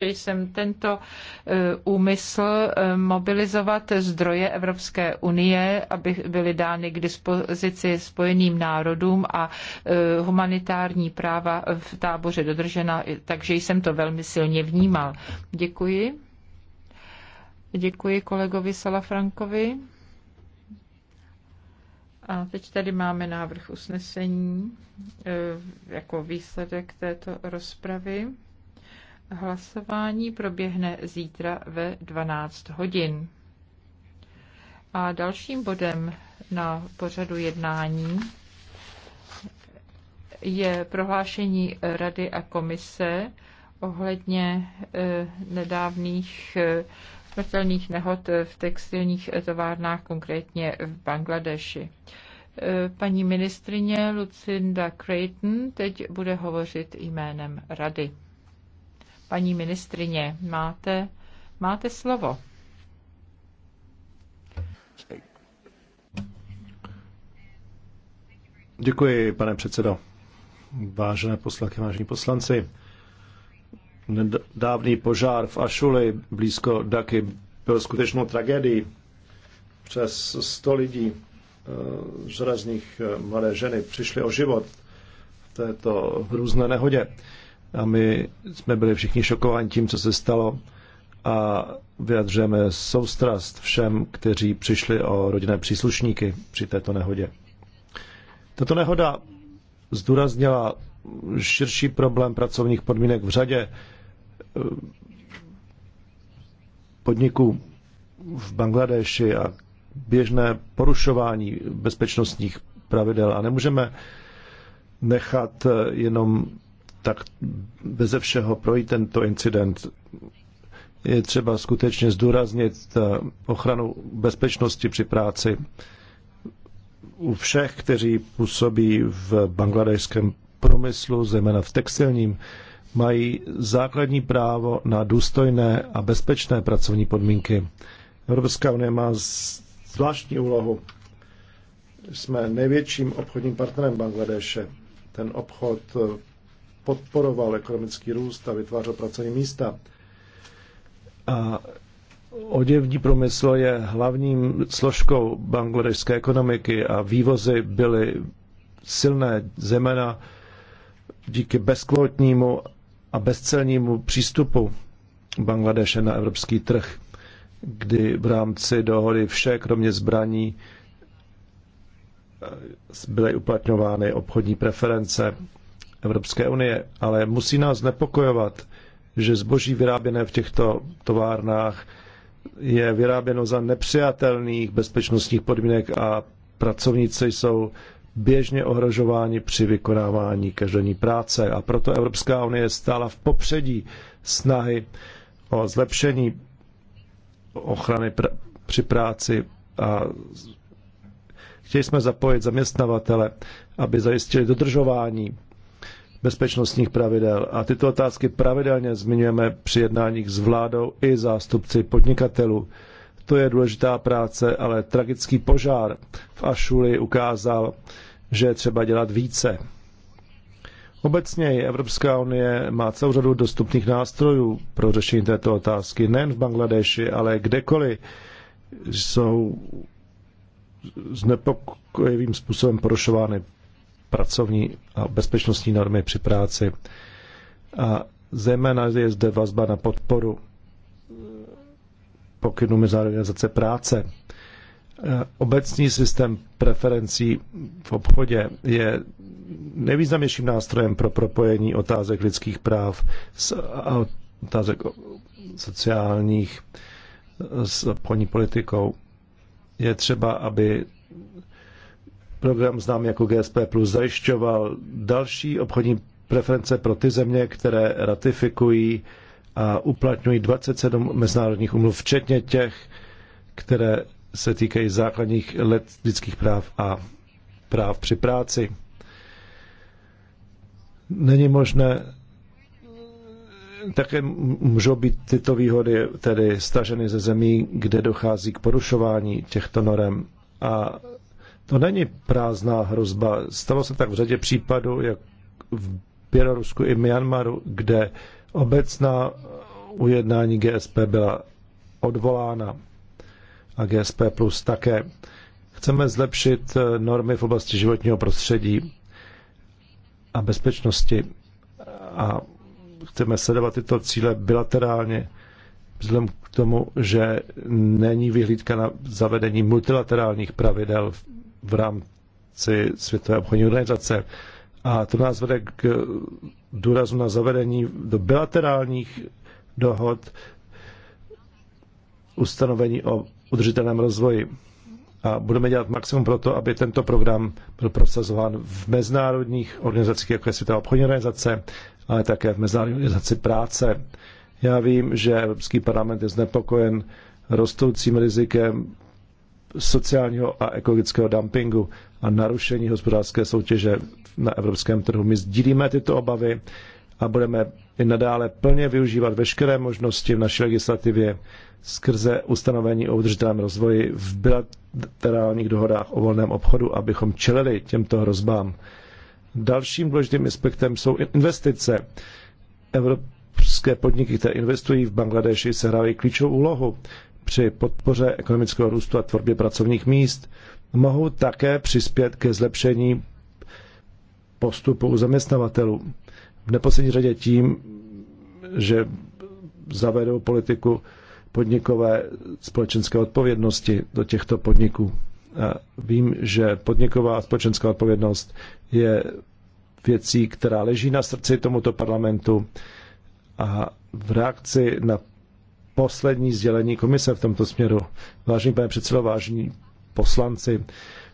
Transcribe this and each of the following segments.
jsem tento eh, úmysl eh, mobilizovat zdroje Evropské unie, aby byly dány k dispozici spojeným národům a eh, humanitární práva v táboře dodržena, takže jsem to velmi silně vnímal. Děkuji. Děkuji kolegovi Salafrankovi. A teď tady máme návrh usnesení jako výsledek této rozpravy. Hlasování proběhne zítra ve 12 hodin. A dalším bodem na pořadu jednání je prohlášení Rady a komise ohledně eh, nedávných eh, smrtelných nehod v textilních továrnách, konkrétně v Bangladeši. Eh, paní ministrině Lucinda Creighton teď bude hovořit jménem Rady. Paní ministrině, máte, máte slovo. Děkuji, pane předsedo. Vážené poslanky, vážení poslanci, nedávný požár v Ašuli blízko Daky byl skutečnou tragédií. Přes 100 lidí eh, železných eh, mladé ženy přišly o život v této hrůzné nehodě a my jsme byli všichni šokováni tím, co se stalo a vyjadřujeme soustrast všem, kteří přišli o rodinné příslušníky při této nehodě. Tato nehoda zdůraznila širší problém pracovních podmínek v řadě eh, podniků v Bangladeši a běžné porušování bezpečnostních pravidel a nemůžeme nechat eh, jenom tak beze všeho projít tento incident. Je třeba skutečně zdůraznit eh, ochranu bezpečnosti při práci u všech, kteří působí v bangladejském průmyslu, zejména v textilním, mají základní právo na důstojné a bezpečné pracovní podmínky. Evropská unie má zvláštní úlohu. Jsme největším obchodním partnerem Bangladeše. Ten obchod eh, podporoval ekonomický růst a vytvářel pracovní místa. A oděvní průmysl je hlavním složkou bangladešské ekonomiky a vývozy byly silné, zejména díky bezkvotnímu a bezcelnímu přístupu Bangladeše na evropský trh, kdy v rámci dohody vše, kromě zbraní, byly uplatňovány obchodní preference Evropské unie, ale musí nás nepokojovat, že zboží vyráběné v těchto továrnách je vyráběno za nepřijatelných bezpečnostních podmínek a pracovníci jsou běžně ohrožováni při vykonávání každodenní práce. A proto Evropská unie stála v popředí snahy o zlepšení ochrany pr- při práci a chtěli jsme zapojit zaměstnavatele, aby zajistili dodržování bezpečnostních pravidel. A tyto otázky pravidelně zmiňujeme při jednáních s vládou i zástupci podnikatelů. To je důležitá práce, ale tragický požár v Ašuli ukázal, že je třeba dělat více. Obecně Evropská unie má celou řadu dostupných nástrojů pro řešení této otázky, nejen v Bangladeši, ale kdekoliv jsou znepokojivým způsobem porušovány pracovní a bezpečnostní normy při práci. A zejména je zde vazba na podporu eh, pokynu Mezinárodní organizace práce. Eh, obecný systém preferencí v obchodě je nejvýznamnějším nástrojem pro propojení otázek lidských práv s otázek sociálních eh, s obchodní politikou. Je třeba, aby program znám jako GSP+, Plus zajišťoval další obchodní preference pro ty země, které ratifikují a uplatňují 27 mezinárodních umluv, včetně těch, které se týkají základních lidských práv a práv při práci. Není možné také můžou být tyto výhody tedy staženy ze zemí, kde dochází k porušování těchto norem a to není prázdná hrozba. Stalo se tak v řadě případů, jak v Bělorusku i Myanmaru, kde obecná ujednání GSP byla odvolána a GSP plus také. Chceme zlepšit eh, normy v oblasti životního prostředí a bezpečnosti a chceme sledovat tyto cíle bilaterálně, vzhledem k tomu, že není vyhlídka na zavedení multilaterálních pravidel v v rámci Světové obchodní organizace. A to nás vede k důrazu na zavedení do bilaterálních dohod ustanovení o udržitelném rozvoji. A budeme dělat maximum pro to, aby tento program byl prosazován v mezinárodních organizacích, jako je Světová obchodní organizace, ale také v Mezinárodní organizaci práce. Já vím, že Evropský parlament je znepokojen rostoucím rizikem sociálního a ekologického dumpingu a narušení hospodářské soutěže na evropském trhu. My sdílíme tyto obavy a budeme i nadále plně využívat veškeré možnosti v naší legislativě skrze ustanovení o udržitelném rozvoji v bilaterálních dohodách o volném obchodu, abychom čelili těmto hrozbám. Dalším důležitým aspektem jsou investice. Evropské podniky, které investují v Bangladeši, sehrávají klíčovou úlohu při podpoře ekonomického růstu a tvorbě pracovních míst mohou také přispět ke zlepšení postupu u zaměstnavatelů. V neposlední řadě tím, že zavedou politiku podnikové společenské odpovědnosti do těchto podniků. A vím, že podniková společenská odpovědnost je věcí, která leží na srdci tomuto parlamentu a v reakci na poslední sdělení komise v tomto směru. Vážený pane předsedo, vážení poslanci,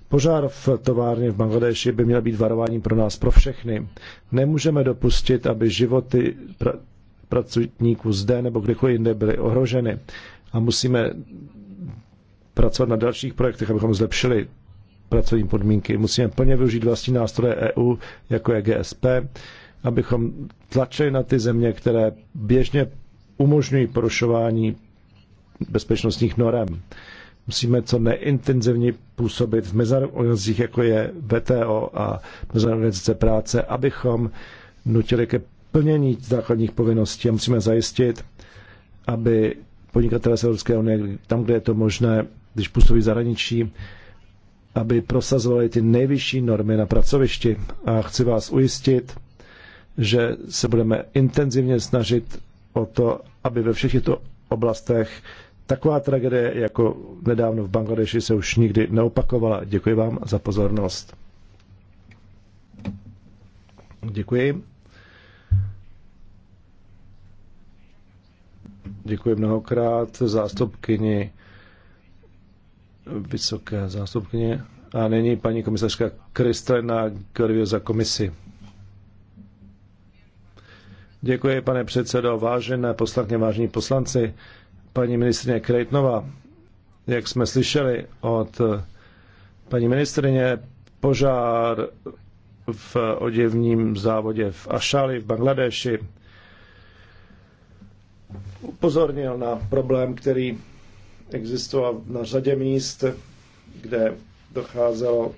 Požár v továrně v Bangladeši by měl být varováním pro nás, pro všechny. Nemůžeme dopustit, aby životy pra- pracovníků zde nebo kdekoliv jinde byly ohroženy. A musíme pracovat na dalších projektech, abychom zlepšili pracovní podmínky. Musíme plně využít vlastní nástroje EU, jako je GSP, abychom tlačili na ty země, které běžně umožňují porušování bezpečnostních norem. Musíme co neintenzivně působit v mezinárodních jako je VTO a Mezinárodní práce, abychom nutili ke plnění základních povinností a musíme zajistit, aby podnikatelé z Evropské unie, tam, kde je to možné, když působí v zahraničí, aby prosazovali ty nejvyšší normy na pracovišti. A chci vás ujistit, že se budeme intenzivně snažit o to, aby ve všech těchto oblastech taková tragédie, jako nedávno v Bangladeši, se už nikdy neopakovala. Děkuji vám za pozornost. Děkuji. Děkuji mnohokrát zástupkyni, vysoké zástupkyně. A nyní paní komisařka Kristalina Gorvio za komisi. Děkuji, pane předsedo, vážené poslankyně, vážení poslanci. Paní ministrině Krejtnova, jak jsme slyšeli od eh, paní ministrině, požár v oděvním závodě v Ašali v Bangladeši upozornil na problém, který existoval na řadě míst, kde docházelo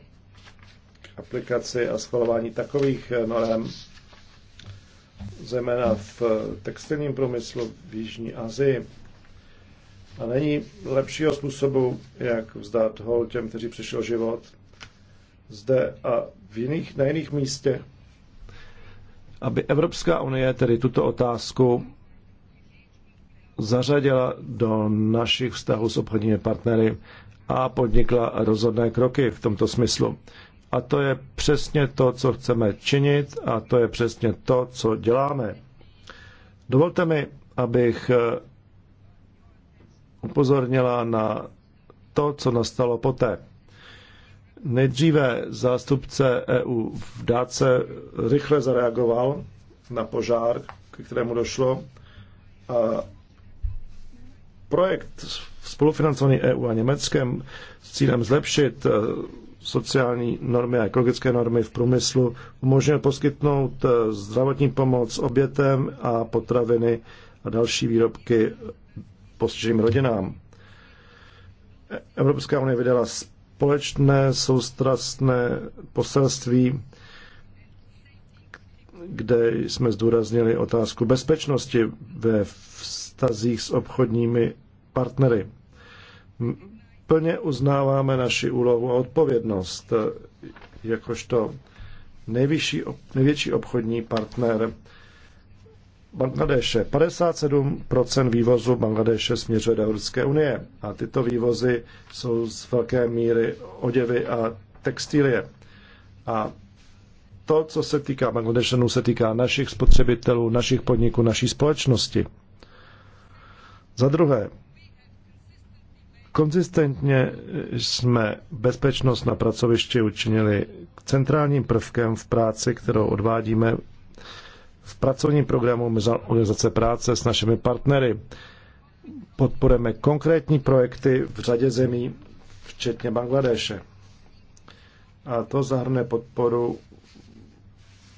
k aplikaci a schvalování takových norem, zejména v eh, textilním průmyslu v Jižní Asii. A není lepšího způsobu, jak vzdát hol těm, kteří přišel život zde a v jiných, na jiných místě. Aby Evropská unie tedy tuto otázku zařadila do našich vztahů s obchodními partnery a podnikla rozhodné kroky v tomto smyslu. A to je přesně to, co chceme činit a to je přesně to, co děláme. Dovolte mi, abych eh, upozornila na to, co nastalo poté. Nejdříve zástupce EU v Dáce rychle zareagoval na požár, k kterému došlo. A projekt spolufinancovaný EU a Německem s cílem zlepšit eh, sociální normy a ekologické normy v průmyslu, umožňuje poskytnout eh, zdravotní pomoc obětem a potraviny a další výrobky postiženým rodinám. Evropská unie vydala společné soustrastné poselství, kde jsme zdůraznili otázku bezpečnosti ve vztazích s obchodními partnery plně uznáváme naši úlohu a odpovědnost eh, jakožto nejvyšší, největší obchodní partner Bangladeše. 57% vývozu Bangladeše směřuje do Evropské unie a tyto vývozy jsou z velké míry oděvy a textilie. A to, co se týká Bangladešanů, se týká našich spotřebitelů, našich podniků, naší společnosti. Za druhé, Konzistentně jsme bezpečnost na pracovišti učinili centrálním prvkem v práci, kterou odvádíme v pracovním programu Organizace práce s našimi partnery. Podporujeme konkrétní projekty v řadě zemí, včetně Bangladeše. A to zahrne podporu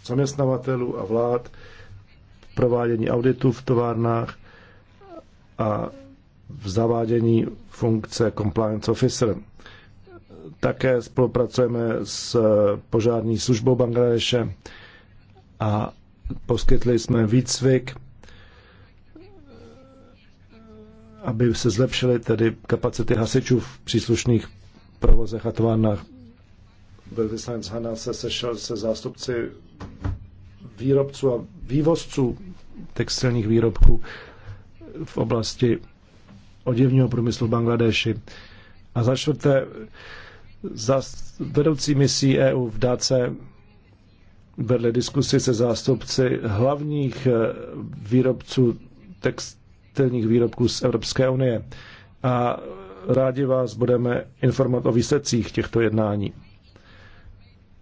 zaměstnavatelů a vlád, provádění auditů v továrnách a v zavádění funkce compliance officer. Také spolupracujeme s požární službou Bangladeše a poskytli jsme výcvik, aby se zlepšily tedy kapacity hasičů v příslušných provozech a továrnách. Velvyslanec Hanna se sešel se zástupci výrobců a vývozců textilních výrobků v oblasti oděvního průmyslu v Bangladeši. A za čtvrté, za vedoucí misí EU v Dáce vedle diskusy se zástupci hlavních eh, výrobců textilních výrobků z Evropské unie. A rádi vás budeme informovat o výsledcích těchto jednání.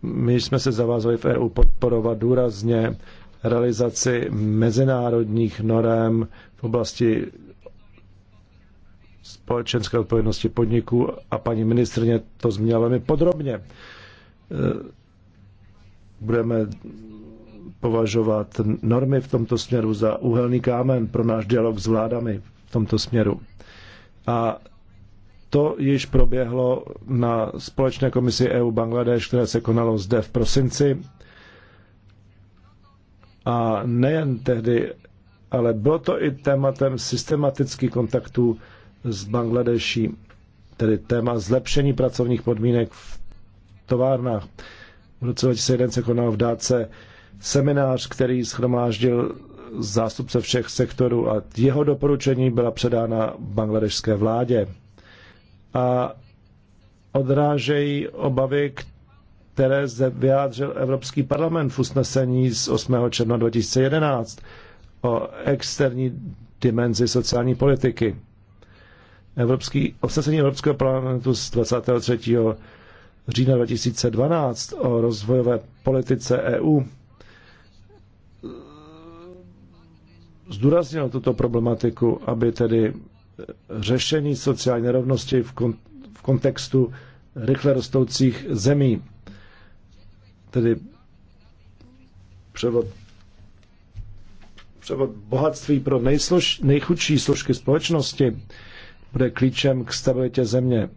My jsme se zavázali v EU podporovat důrazně realizaci mezinárodních norem v oblasti společenské odpovědnosti podniků a paní ministrně to zmínila velmi podrobně. E, budeme považovat normy v tomto směru za úhelný kámen pro náš dialog s vládami v tomto směru. A to již proběhlo na společné komisi EU Bangladeš, které se konalo zde v prosinci. A nejen tehdy, ale bylo to i tématem systematických kontaktů z Bangladeší, tedy téma zlepšení pracovních podmínek v továrnách. V roce 2001 se konal v dáce seminář, který schromáždil zástupce všech sektorů a jeho doporučení byla předána bangladešské vládě. A odrážejí obavy, které zde vyjádřil Evropský parlament v usnesení z 8. června 2011 o externí dimenzi sociální politiky. Evropský, obsazení Evropského parlamentu z 23. října 2012 o rozvojové politice EU zdůraznil tuto problematiku, aby tedy řešení sociální nerovnosti v, kon, v kontextu rychle rostoucích zemí, tedy převod, převod bohatství pro nejslož, nejchudší složky společnosti, bude klíčem k stabilitě země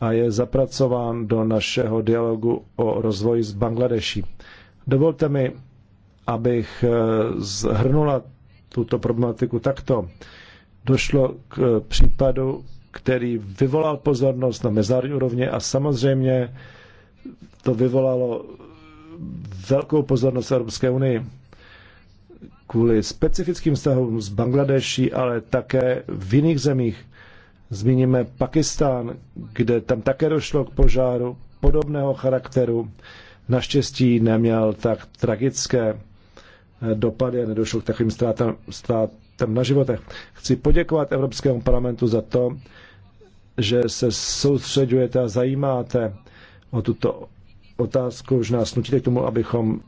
a je zapracován do našeho dialogu o rozvoji s Bangladeší. Dovolte mi, abych eh, zhrnula tuto problematiku takto. Došlo k eh, případu, který vyvolal pozornost na mezinárodní úrovni a samozřejmě to vyvolalo velkou pozornost Evropské unii kvůli specifickým vztahům s Bangladeší, ale také v jiných zemích Zmíníme Pakistán, kde tam také došlo k požáru podobného charakteru. Naštěstí neměl tak tragické eh, dopady a nedošlo k takovým ztrátám, ztrátám na životech. Chci poděkovat Evropskému parlamentu za to, že se soustředujete a zajímáte o tuto otázku, že nás nutíte k tomu, abychom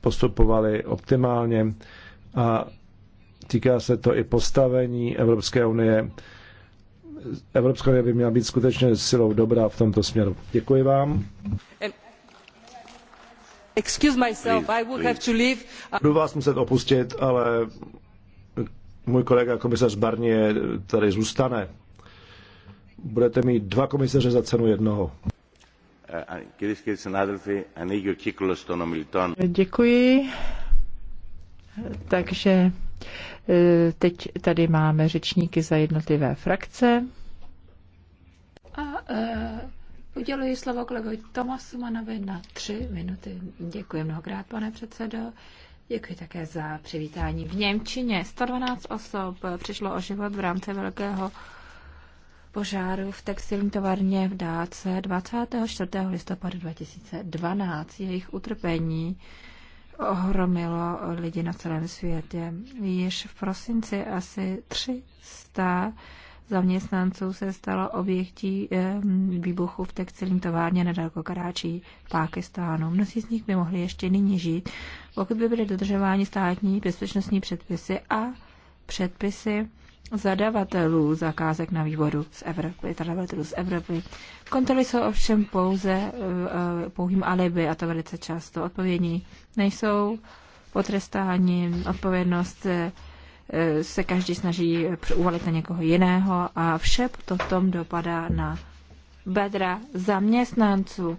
postupovali optimálně a týká se to i postavení Evropské unie Evropská unie by měla být skutečně silou dobrá v tomto směru. Děkuji vám. Excuse myself, I will have to leave. Uh, Budu vás muset opustit, ale můj kolega komisař Barnier tady zůstane. Budete mít dva komisaře za cenu jednoho. Děkuji. Takže E, teď tady máme řečníky za jednotlivé frakce. A uh, uděluji slovo kolegovi Tomasu Manovi na tři minuty. Děkuji mnohokrát, pane předsedo. Děkuji také za přivítání. V Němčině 112 osob přišlo o život v rámci velkého požáru v textilní továrně v Dáce 24. listopadu 2012. Jejich utrpení ohromilo lidi na celém světě. Již v prosinci asi 300 zaměstnanců se stalo obětí výbuchu v textilní továrně nedaleko Karáčí v Pákistánu. Mnozí z nich by mohli ještě nyní žít, pokud by byly dodržovány státní bezpečnostní předpisy a předpisy zadavatelů zakázek na vývodu z Evropy, zadavatelů z Evropy. Kontroly jsou ovšem pouze eh, eh, pouhým alibi a to velice často. Odpovědní nejsou potrestáni, odpovědnost eh, se každý snaží uvalit na někoho jiného a vše potom dopadá na bedra zaměstnanců.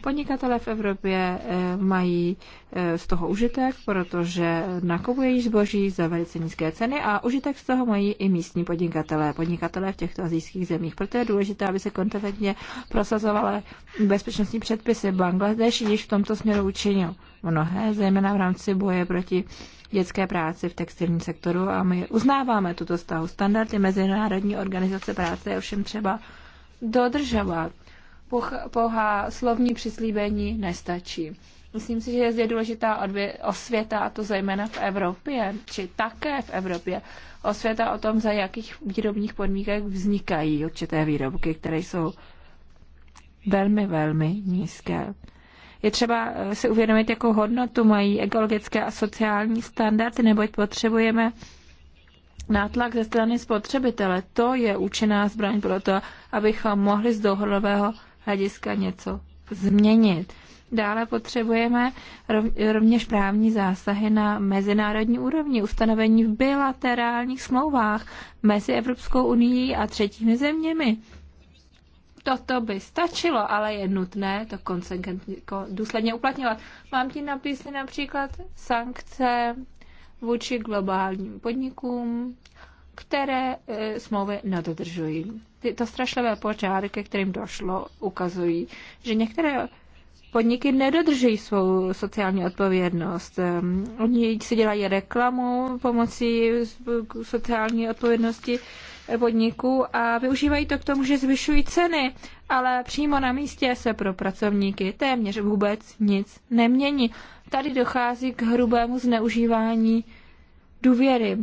Podnikatele v Evropě eh, mají eh, z toho užitek, protože nakupují zboží za velice nízké ceny a užitek z toho mají i místní podnikatelé, podnikatelé v těchto azijských zemích. Proto je důležité, aby se konfidentně prosazovaly bezpečnostní předpisy. Bangladeš již v tomto směru učinil mnohé, zejména v rámci boje proti dětské práci v textilním sektoru a my uznáváme tuto stavu. Standardy Mezinárodní organizace práce je ovšem třeba dodržovat pouhá slovní přislíbení nestačí. Myslím si, že je zde důležitá osvěta, a to zejména v Evropě, či také v Evropě, osvěta o tom, za jakých výrobních podmínek vznikají určité výrobky, které jsou velmi, velmi nízké. Je třeba eh, si uvědomit, jakou hodnotu mají ekologické a sociální standardy, neboť potřebujeme nátlak ze strany spotřebitele. To je účinná zbraň pro to, abychom mohli z dlouhodobého hlediska něco změnit. Dále potřebujeme rovněž právní zásahy na mezinárodní úrovni, ustanovení v bilaterálních smlouvách mezi Evropskou unii a třetími zeměmi. Toto by stačilo, ale je nutné to důsledně uplatňovat. Mám ti napisy například sankce vůči globálním podnikům, které e, smlouvy nedodržují. Tyto strašlivé požáry, ke kterým došlo, ukazují, že některé podniky nedodržují svou sociální odpovědnost. Ehm, oni si dělají reklamu pomocí sociální odpovědnosti eh, podniků a využívají to k tomu, že zvyšují ceny, ale přímo na místě se pro pracovníky téměř vůbec nic nemění. Tady dochází k hrubému zneužívání důvěry.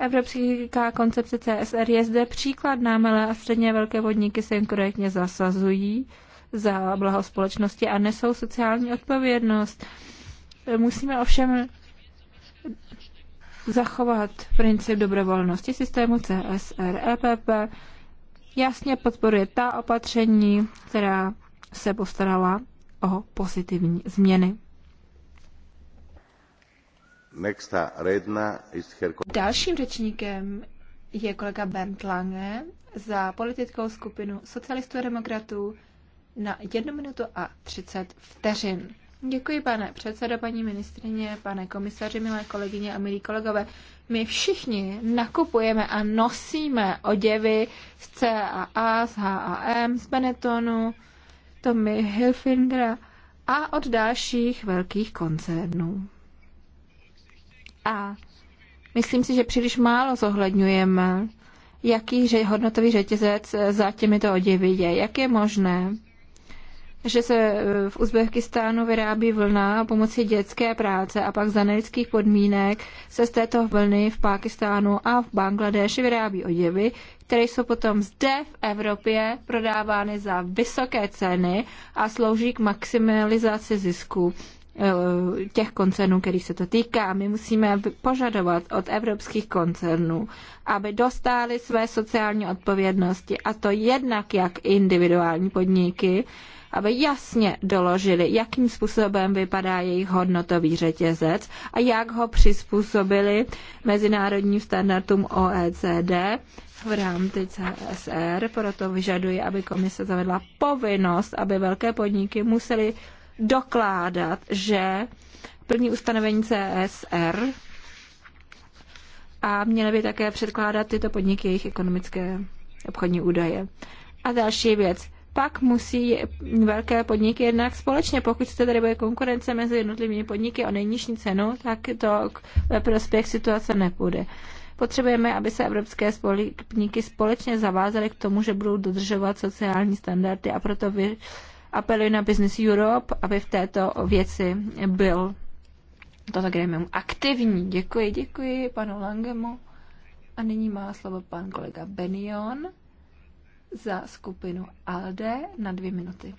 Evropská koncepce CSR je zde příkladná, malé a středně velké vodníky se konkrétně zasazují za blaho společnosti a nesou sociální odpovědnost. Musíme ovšem zachovat princip dobrovolnosti systému CSR, EPP, jasně podporuje ta opatření, která se postarala o pozitivní změny. Uh, Dalším řečníkem je kolega Bernd Lange za politickou skupinu socialistů a demokratů na 1 minutu a 30 vteřin. Děkuji, pane předsedo, paní ministrině, pane komisaři, milé kolegyně a milí kolegové. My všichni nakupujeme a nosíme oděvy z CAA, z HAM, z Benettonu, Tommy Hilfingera a od dalších velkých koncernů. A myslím si, že příliš málo zohledňujeme, jaký hodnotový řetězec eh, za těmito oděvy je. Jak je možné, že se eh, v Uzbekistánu vyrábí vlna pomocí dětské práce a pak za nelidských podmínek se z této vlny v Pákistánu a v Bangladeši vyrábí oděvy, které jsou potom zde v Evropě prodávány za vysoké ceny a slouží k maximalizaci zisku. Eh, těch koncernů, kterých se to týká. My musíme požadovat od evropských koncernů, aby dostali své sociální odpovědnosti a to jednak jak individuální podniky, aby jasně doložili, jakým způsobem vypadá jejich hodnotový řetězec a jak ho přizpůsobili mezinárodním standardům OECD v rámci CSR. Proto vyžaduji, aby komise zavedla povinnost, aby velké podniky musely dokládat, že plní ustanovení CSR a měly by také předkládat tyto podniky jejich ekonomické obchodní údaje. A další věc. Pak musí velké podniky jednak společně, pokud se tady bude konkurence mezi jednotlivými podniky o nejnižší cenu, tak to ve prospěch situace nepůjde. Potřebujeme, aby se evropské podniky společně zavázaly k tomu, že budou dodržovat sociální standardy a proto vy, Apeluji na Business Europe, aby v této věci byl toto gremium aktivní. Děkuji, děkuji panu Langemu. A nyní má slovo pan kolega Benion za skupinu ALDE na dvě minuty.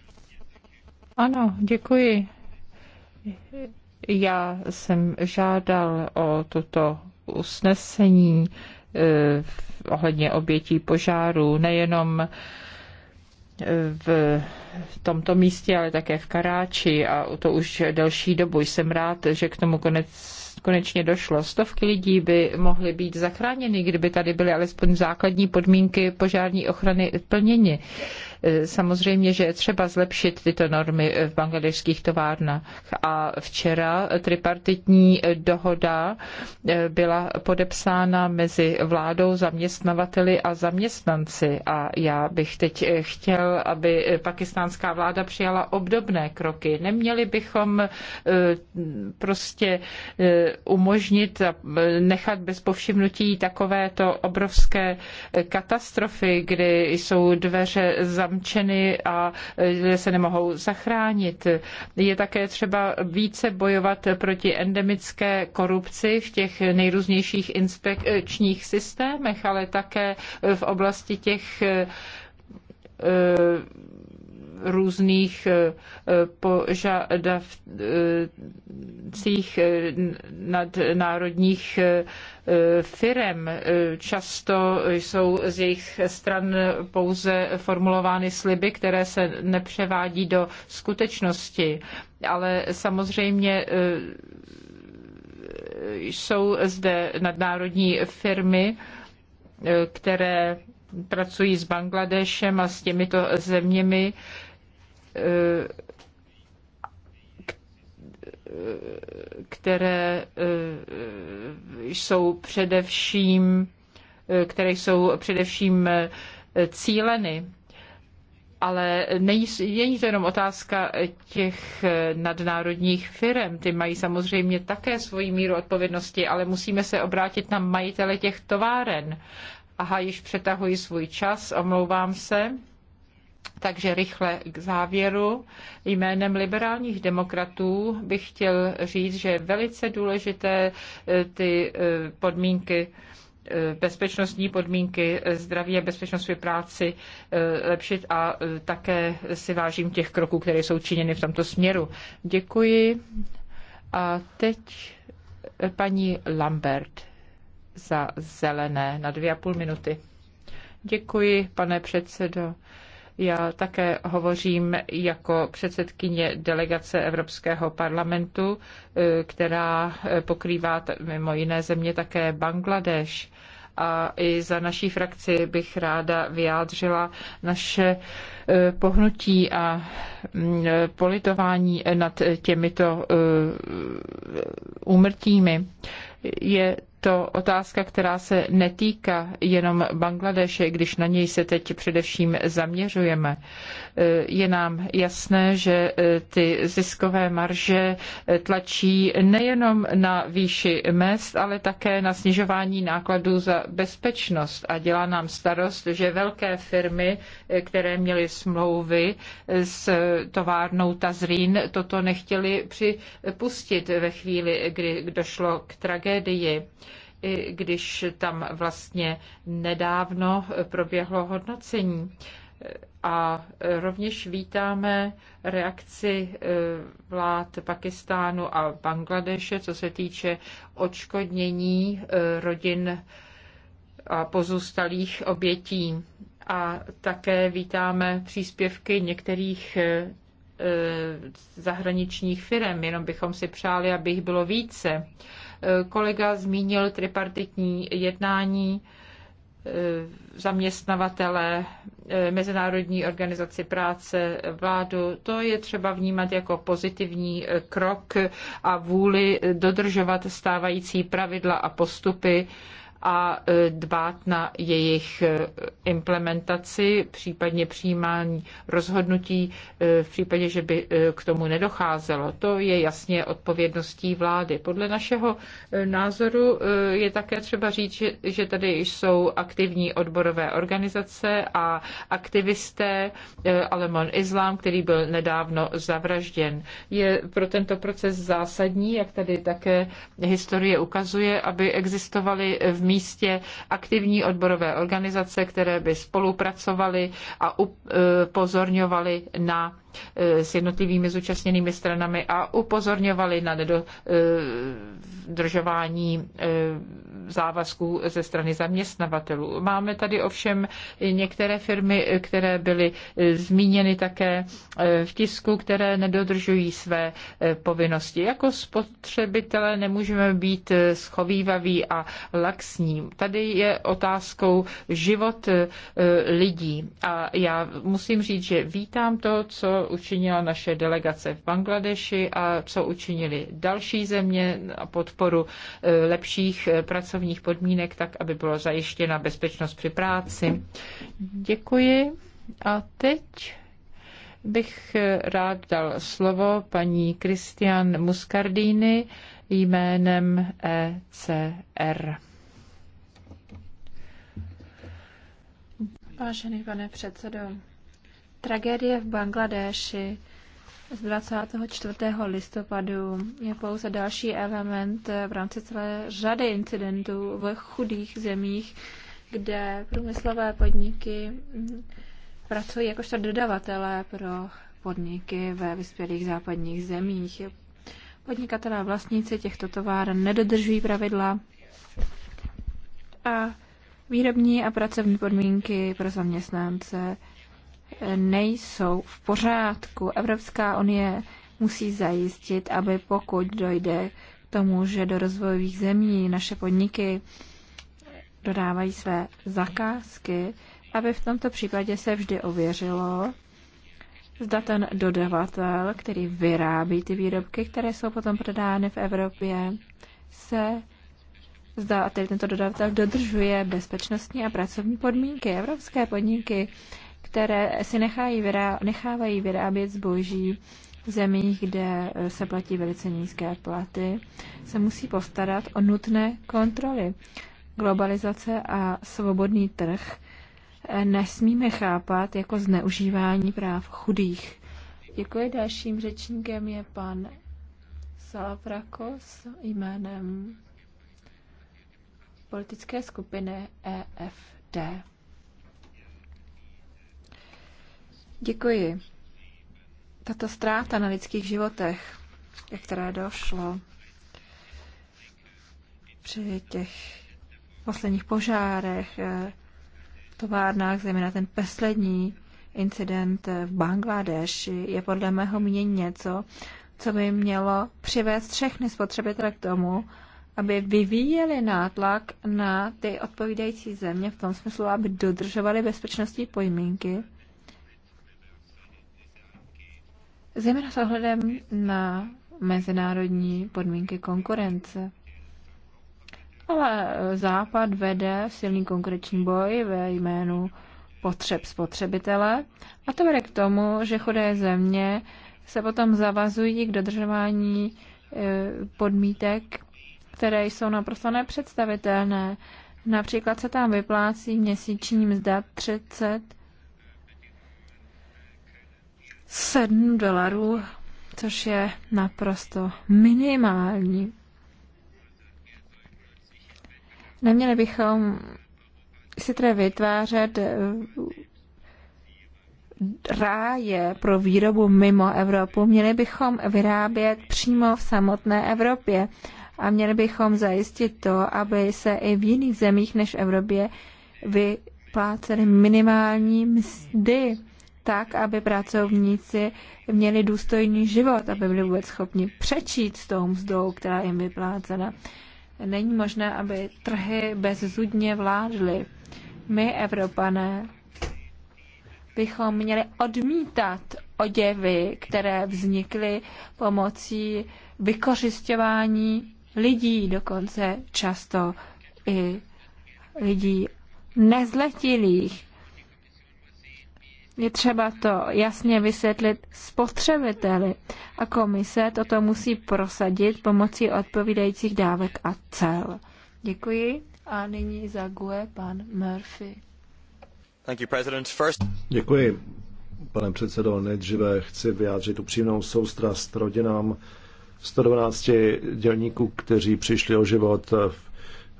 Ano, děkuji. Já jsem žádal o toto usnesení eh, ohledně obětí požáru, nejenom eh, v tomto místě, ale také v Karáči a to už delší dobu. Jsem rád, že k tomu konec, konečně došlo. Stovky lidí by mohly být zachráněny, kdyby tady byly alespoň základní podmínky požární ochrany plněny. Samozřejmě, že je třeba zlepšit tyto normy v bangladešských továrnách. A včera tripartitní dohoda eh, byla podepsána mezi vládou, zaměstnavateli a zaměstnanci. A já bych teď eh, chtěl, aby pakistánská vláda přijala obdobné kroky. Neměli bychom eh, prostě umožnit a nechat bez povšimnutí takovéto obrovské katastrofy, kdy jsou dveře za zamčeny a e, lidé se nemohou zachránit. Je také třeba více bojovat proti endemické korupci v těch nejrůznějších inspekčních systémech, ale také v oblasti těch e, e, různých eh, požadavcích eh, nadnárodních eh, firem. Často jsou z jejich stran pouze formulovány sliby, které se nepřevádí do skutečnosti. Ale samozřejmě jsou zde nadnárodní firmy, které pracují s Bangladešem a s těmito zeměmi, Eh, eh, které jsou především, které eh, jsou především cíleny. Ale není, to jenom otázka těch nadnárodních firm. Ty mají samozřejmě také svoji míru odpovědnosti, ale musíme se obrátit na majitele těch továren. Aha, již přetahuji svůj čas, omlouvám se. Takže rychle k závěru. Jménem liberálních demokratů bych chtěl říct, že je velice důležité e, ty e, podmínky e, bezpečnostní podmínky zdraví a bezpečnost při práci lepšit a také si vážím těch kroků, které jsou činěny v tomto směru. Děkuji. A teď paní Lambert za zelené na dvě a půl minuty. Děkuji, pane předsedo. Já také hovořím jako předsedkyně delegace Evropského parlamentu, e, která e, pokrývá mimo jiné země také Bangladeš. A i za naší frakci bych ráda vyjádřila naše Eh, pohnutí a mm, eh, politování nad těmito eh, úmrtími. Je to otázka, která se netýká jenom Bangladeše, když na něj se teď především zaměřujeme. Je nám jasné, že ty ziskové marže tlačí nejenom na výši mest, ale také na snižování nákladů za bezpečnost. A dělá nám starost, že velké firmy, které měly smlouvy s továrnou Tazrín toto nechtěli připustit ve chvíli, kdy došlo k tragédii když tam vlastně nedávno proběhlo hodnocení. A rovněž vítáme reakci eh, vlád Pakistánu a Bangladeše, co se týče odškodnění eh, rodin a pozůstalých obětí a také vítáme příspěvky některých e, e, zahraničních firm, jenom bychom si přáli, aby jich bylo více. E, kolega zmínil tripartitní jednání zaměstnavatele, Mezinárodní organizaci práce, vládu. To je třeba vnímat jako pozitivní krok a vůli dodržovat stávající pravidla a postupy a e, dbát na jejich e, implementaci, případně přijímání rozhodnutí e, v případě, že by k tomu nedocházelo. To je jasně odpovědností vlády. Podle našeho názoru je také třeba říct, že tady jsou aktivní odborové organizace a aktivisté Alemon Islám, který byl nedávno zavražděn. Je pro tento proces zásadní, jak tady také historie ukazuje, aby existovaly v místě aktivní odborové organizace, které by spolupracovaly a eh, upozorňovaly na Eh, s jednotlivými zúčastněnými stranami a upozorňovali na nedodržování eh, eh, závazků ze strany zaměstnavatelů. Máme tady ovšem některé firmy, které byly zmíněny také v tisku, které nedodržují své povinnosti. Jako spotřebitelé nemůžeme být schovývaví a laxní. Tady je otázkou život lidí a já musím říct, že vítám to, co co učinila naše delegace v Bangladeši a co učinili další země a podporu e, lepších e, pracovních podmínek, tak aby bylo zajištěna bezpečnost při práci. Děkuji. A teď bych e, rád dal slovo paní Kristian Muscardini jménem ECR. Vážený pane předsedo, Tragédie v Bangladeši z 24. listopadu je pouze další element v rámci celé řady incidentů v chudých zemích, kde průmyslové podniky pracují jakožto dodavatelé pro podniky ve vyspělých západních zemích. Podnikatelé a vlastníci těchto továren nedodržují pravidla a výrobní a pracovní podmínky pro zaměstnance nejsou v pořádku. Evropská unie musí zajistit, aby pokud dojde k tomu, že do rozvojových zemí naše podniky dodávají své zakázky, aby v tomto případě se vždy ověřilo, zda ten dodavatel, který vyrábí ty výrobky, které jsou potom prodány v Evropě, se zda a tedy tento dodavatel dodržuje bezpečnostní a pracovní podmínky. Evropské podniky které si nechají vyrá, nechávají vyrábět zboží v zemích, kde eh, se platí velice nízké platy, se musí postarat o nutné kontroly. Globalizace a svobodný trh eh, nesmíme chápat jako zneužívání práv chudých. Děkuji. Dalším řečníkem je pan Salafrakos jménem politické skupiny EFD. Děkuji. Tato ztráta na lidských životech, ke které došlo při těch posledních požárech eh, v továrnách, zejména ten poslední incident v Bangladeši, je podle mého mínění něco, co by mělo přivést všechny spotřebitele k tomu, aby vyvíjeli nátlak na ty odpovídající země v tom smyslu, aby dodržovali bezpečnostní pojmínky zejména s ohledem na mezinárodní podmínky konkurence. Ale Západ vede silný konkurenční boj ve jménu potřeb spotřebitele a to vede k tomu, že chudé země se potom zavazují k dodržování e, podmítek, které jsou naprosto nepředstavitelné. Například se tam vyplácí měsíční mzda 30 7 dolarů, což je naprosto minimální. Neměli bychom si tedy vytvářet eh, ráje pro výrobu mimo Evropu. Měli bychom vyrábět přímo v samotné Evropě a měli bychom zajistit to, aby se i v jiných zemích než v Evropě vyplácely minimální mzdy tak, aby pracovníci měli důstojný život, aby byli vůbec schopni přečít s tou mzdou, která jim vyplácena. Není možné, aby trhy bezzudně vládly. My, Evropané, bychom měli odmítat oděvy, které vznikly pomocí vykořišťování lidí, dokonce často i lidí nezletilých je třeba to jasně vysvětlit spotřebiteli a komise toto musí prosadit pomocí odpovídajících dávek a cel. Děkuji a nyní za GUE pan Murphy. Thank you, President. First... Děkuji, pane předsedo. Nejdříve chci vyjádřit upřímnou soustrast rodinám 112 dělníků, kteří přišli o život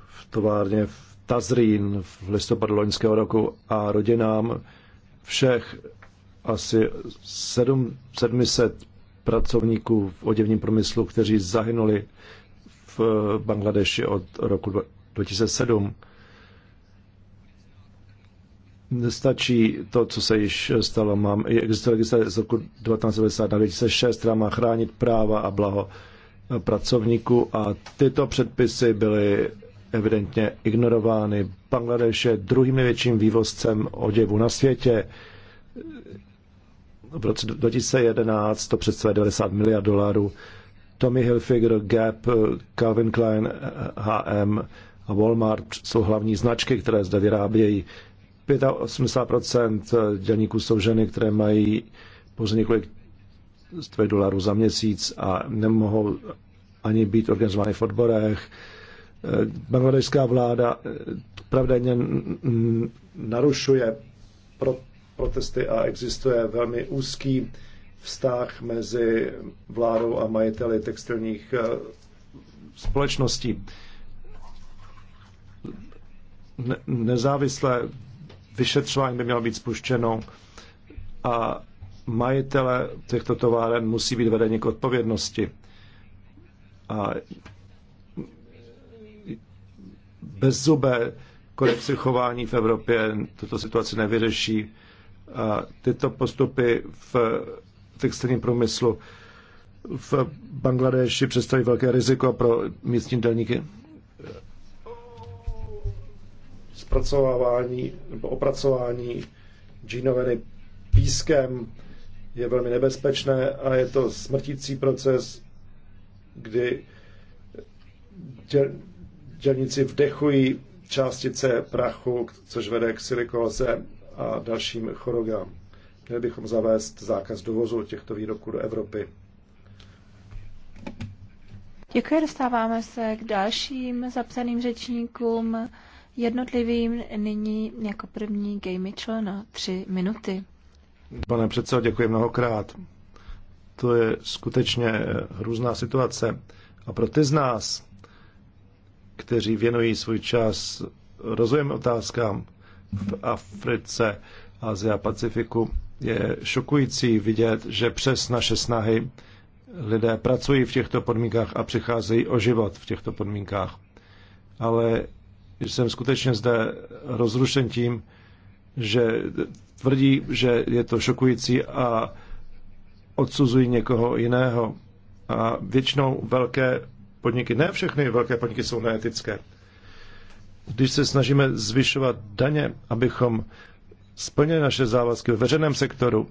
v továrně v Tazrín v listopadu loňského roku a rodinám, všech asi 7, 700 pracovníků v oděvním průmyslu, kteří zahynuli v Bangladeši od roku 2007. Nestačí to, co se již stalo. Mám, existuje legislativa z roku 1990 na 2006, která má chránit práva a blaho pracovníků a tyto předpisy byly evidentně ignorovány. Bangladeš je druhým největším vývozcem oděvu na světě. V roce 2011 to představuje 90 miliard dolarů. Tommy Hilfiger, Gap, Calvin Klein, H&M a Walmart jsou hlavní značky, které zde vyrábějí. 85% dělníků jsou ženy, které mají pouze několik dolarů za měsíc a nemohou ani být organizovány v odborech bangladešská vláda eh, pravděpodobně narušuje pro protesty a existuje velmi úzký vztah mezi vládou a majiteli textilních eh, společností. Ne, nezávislé vyšetřování by mělo být spuštěno a majitele těchto továren musí být vedeni k odpovědnosti. A bezzubé kodexy chování v Evropě tuto situaci nevyřeší. A tyto postupy v textilním průmyslu v Bangladeši představují velké riziko pro místní delníky. Zpracovávání nebo opracování džínoveny pískem je velmi nebezpečné a je to smrtící proces, kdy dělníci vdechují částice prachu, což vede k silikóze a dalším chorogám. Měli bychom zavést zákaz dovozu těchto výrobků do Evropy. Děkuji, dostáváme se k dalším zapsaným řečníkům, jednotlivým nyní jako první Gay Mitchell na tři minuty. Pane předsedo, děkuji mnohokrát. To je skutečně hrůzná situace. A pro ty z nás, kteří věnují svůj čas rozvojem otázkám v Africe, Asii a Pacifiku. Je šokující vidět, že přes naše snahy lidé pracují v těchto podmínkách a přicházejí o život v těchto podmínkách. Ale jsem skutečně zde rozrušen tím, že tvrdí, že je to šokující a odsuzují někoho jiného. A většinou velké podniky. Ne všechny velké podniky jsou neetické. Když se snažíme zvyšovat daně, abychom splnili naše závazky ve veřejném sektoru,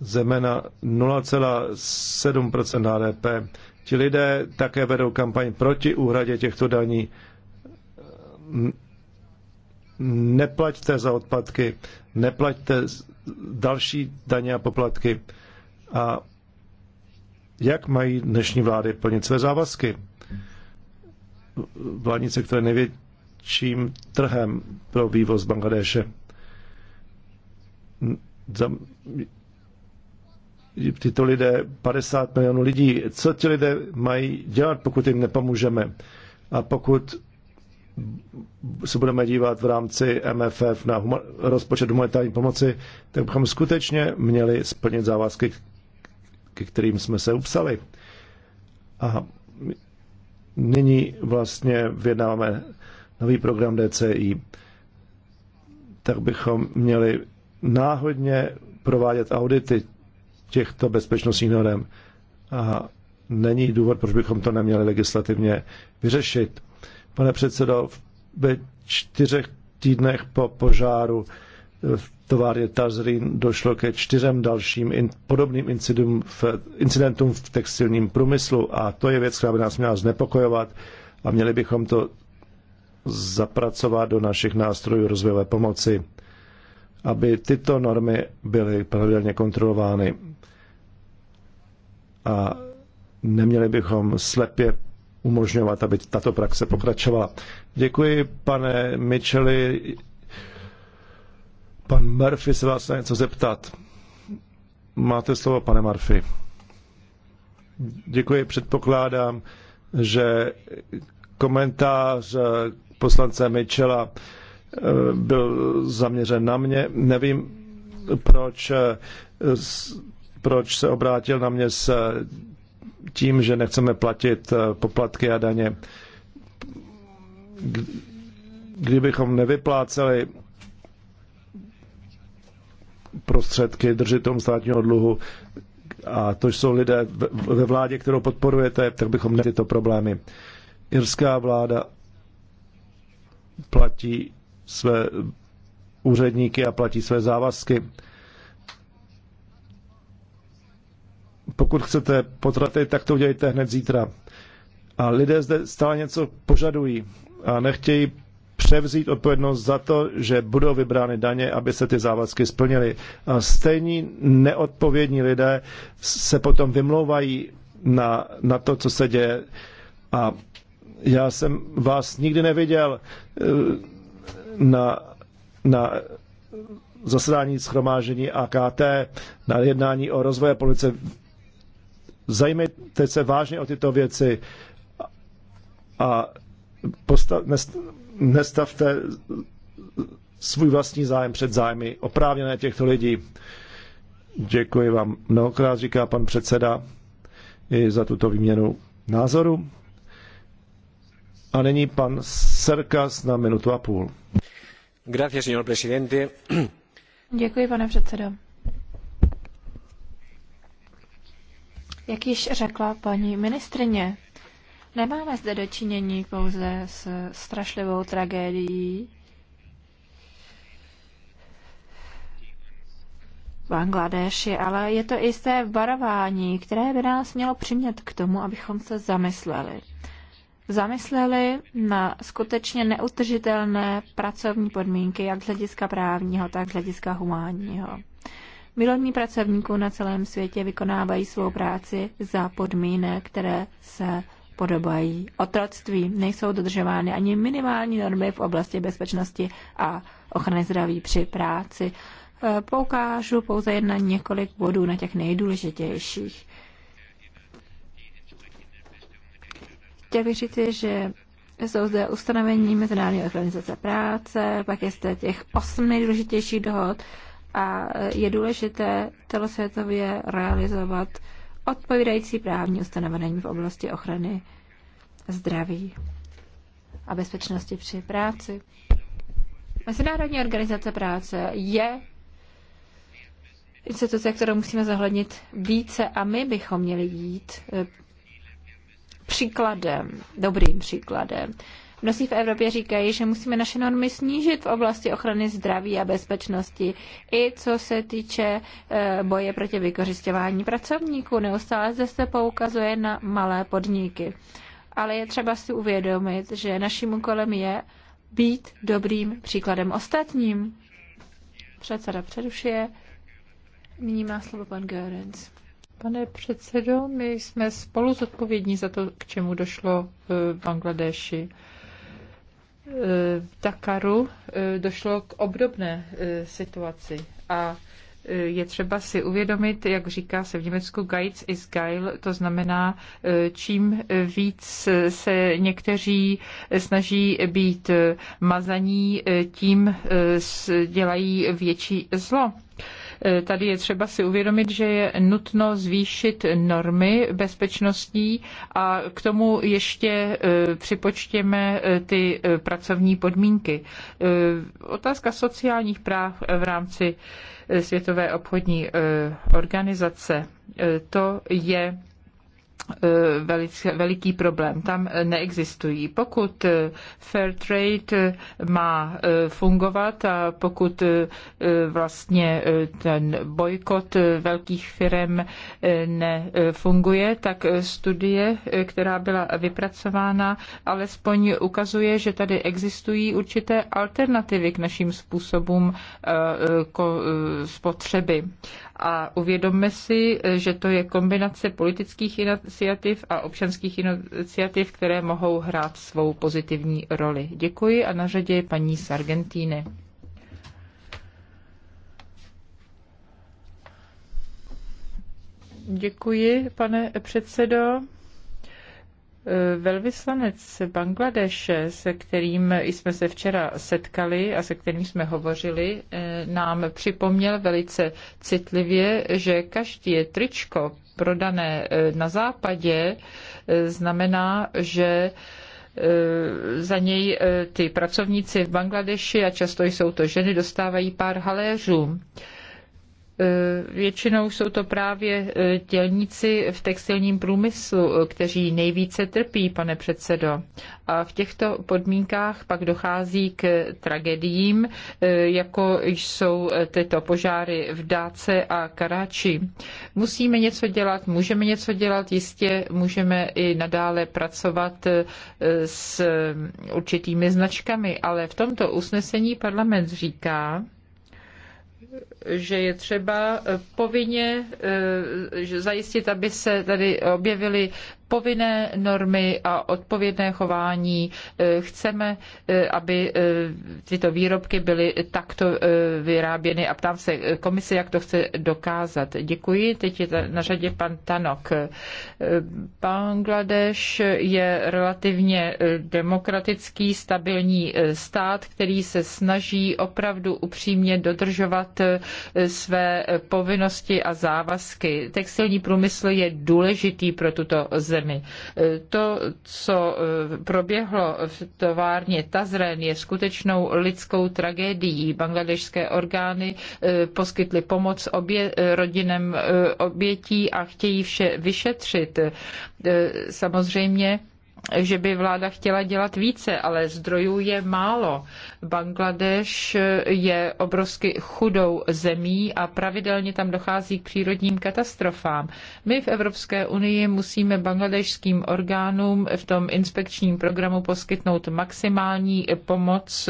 zejména 0,7 HDP, ti lidé také vedou kampaň proti úhradě těchto daní. Neplaťte za odpadky, neplaťte další daně a poplatky. A jak mají dnešní vlády plnit své závazky? vládní sektor je největším trhem pro vývoz Bangladeše. Za, tyto lidé, 50 milionů lidí, co ti lidé mají dělat, pokud jim nepomůžeme? A pokud se budeme dívat v rámci MFF na huma, rozpočet humanitární pomoci, tak bychom skutečně měli splnit závazky, ke kterým jsme se upsali. A nyní vlastně vyjednáváme nový program DCI, tak bychom měli náhodně provádět audity těchto bezpečnostních norm. A není důvod, proč bychom to neměli legislativně vyřešit. Pane předsedo, ve čtyřech týdnech po požáru v továrně Tazrin došlo ke čtyřem dalším in, podobným incidentům v, incidentům v textilním průmyslu a to je věc, která by nás měla znepokojovat a měli bychom to zapracovat do našich nástrojů rozvojové pomoci, aby tyto normy byly pravidelně kontrolovány a neměli bychom slepě umožňovat, aby tato praxe pokračovala. Děkuji, pane Micheli. Pan Murphy se vás na něco zeptat. Máte slovo, pane Murphy. Děkuji, předpokládám, že komentář poslance Mitchella eh, byl zaměřen na mě. Nevím, proč, eh, proč se obrátil na mě s tím, že nechceme platit eh, poplatky a daně. Kdybychom nevypláceli prostředky držitelům státního dluhu a to jsou lidé ve vládě, kterou podporujete, tak bychom neměli tyto problémy. Irská vláda platí své úředníky a platí své závazky. Pokud chcete potraty, tak to udělejte hned zítra. A lidé zde stále něco požadují a nechtějí převzít odpovědnost za to, že budou vybrány daně, aby se ty závazky splnily. A stejní neodpovědní lidé se potom vymlouvají na, na to, co se děje. A já jsem vás nikdy neviděl eh, na, na zasedání schromážení AKT, na jednání o rozvoje police. Zajímejte se vážně o tyto věci a postav, nestavte svůj vlastní zájem před zájmy oprávněné těchto lidí. Děkuji vám mnohokrát, říká pan předseda, i za tuto výměnu názoru. A nyní pan Serkas na minutu a půl. Gracias, señor presidente. Děkuji, pane předsedo. Jak již řekla paní ministrině, Nemáme zde dočinění pouze s strašlivou tragédií Bangladeši, ale je to jisté varování, které by nás mělo přimět k tomu, abychom se zamysleli. Zamysleli na skutečně neutržitelné pracovní podmínky, jak z hlediska právního, tak z hlediska humánního. Miliony pracovníků na celém světě vykonávají svou práci za podmínek, které se podobají otroctví. Nejsou dodržovány ani minimální normy v oblasti bezpečnosti a ochrany zdraví při práci. E, poukážu pouze na několik bodů na těch nejdůležitějších. Chtěl bych říct, že jsou zde ustanovení Mezinárodní organizace práce, pak je zde těch osm nejdůležitějších dohod a je důležité celosvětově realizovat uh, odpovídající právní ustanovení v oblasti ochrany zdraví a bezpečnosti při práci. Mezinárodní organizace práce je instituce, kterou musíme zohlednit více a my bychom měli jít eh, příkladem, dobrým příkladem. Mnozí v Evropě říkají, že musíme naše normy snížit v oblasti ochrany zdraví a bezpečnosti, i co se týče eh, boje proti vykořišťování pracovníků. Neustále zde se poukazuje na malé podniky. Ale je třeba si uvědomit, že naším úkolem je být dobrým příkladem ostatním. Předseda přerušuje. Nyní má slovo pan Görens. Pane předsedo, my jsme spolu zodpovědní za to, k čemu došlo v Bangladeši v Dakaru eh, došlo k obdobné eh, situaci a eh, je třeba si uvědomit, jak říká se v Německu, guides is geil, to znamená, čím víc se někteří snaží být mazaní, tím dělají větší zlo. Eh, tady je třeba si uvědomit, že je nutno zvýšit normy bezpečností a k tomu ještě eh, připočtěme eh, ty pracovní podmínky. Otázka sociálních práv v rámci Světové obchodní organizace. To je Eh, velice, veliký problém. Tam eh, neexistují. Pokud eh, fair trade má fungovat a pokud vlastně ten bojkot velkých firm nefunguje, tak studie, která byla vypracována, alespoň ukazuje, že tady existují určité alternativy k našim způsobům spotřeby a uvědomme si, že to je kombinace politických iniciativ a občanských iniciativ, které mohou hrát svou pozitivní roli. Děkuji a na řadě je paní z Argentíny. Děkuji, pane předsedo. Eh, velvyslanec Bangladeše, se kterým jsme se včera setkali a se kterým jsme hovořili, eh, nám připomněl velice citlivě, že každý je tričko prodané eh, na západě znamená, že za něj ty pracovníci v Bangladeši, a často jsou to ženy, dostávají pár haléřů. Eh, většinou jsou to právě eh, dělníci v textilním průmyslu, eh, kteří nejvíce trpí, pane předsedo. A v těchto podmínkách pak dochází k tragédiím, jako jsou tyto požáry v Dáce a Karáči. Musíme něco dělat, můžeme něco dělat, jistě můžeme i nadále pracovat s určitými značkami, ale v tomto usnesení parlament říká, že je třeba povinně eh, zajistit, aby se tady objevily povinné normy a odpovědné chování. E, chceme, e, aby e, tyto výrobky byly takto vyráběny a ptám se komise, jak to chce dokázat. Děkuji. Teď je na řadě pan Tanok. Bangladeš je relativně demokratický, stabilní stát, který se snaží opravdu upřímně dodržovat své povinnosti a závazky. Textilní průmysl je důležitý pro tuto zemi zemi. To, co e, proběhlo v továrně Tazren, je skutečnou lidskou tragédií. Bangladešské orgány e, poskytly pomoc obě, e, rodinem obětí a chtějí vše vyšetřit. Samozřejmě že by vláda chtěla dělat více, ale zdrojů je málo. Bangladeš je obrovsky chudou zemí a pravidelně tam dochází k přírodním katastrofám. My v Evropské unii musíme bangladešským orgánům v tom inspekčním programu poskytnout maximální pomoc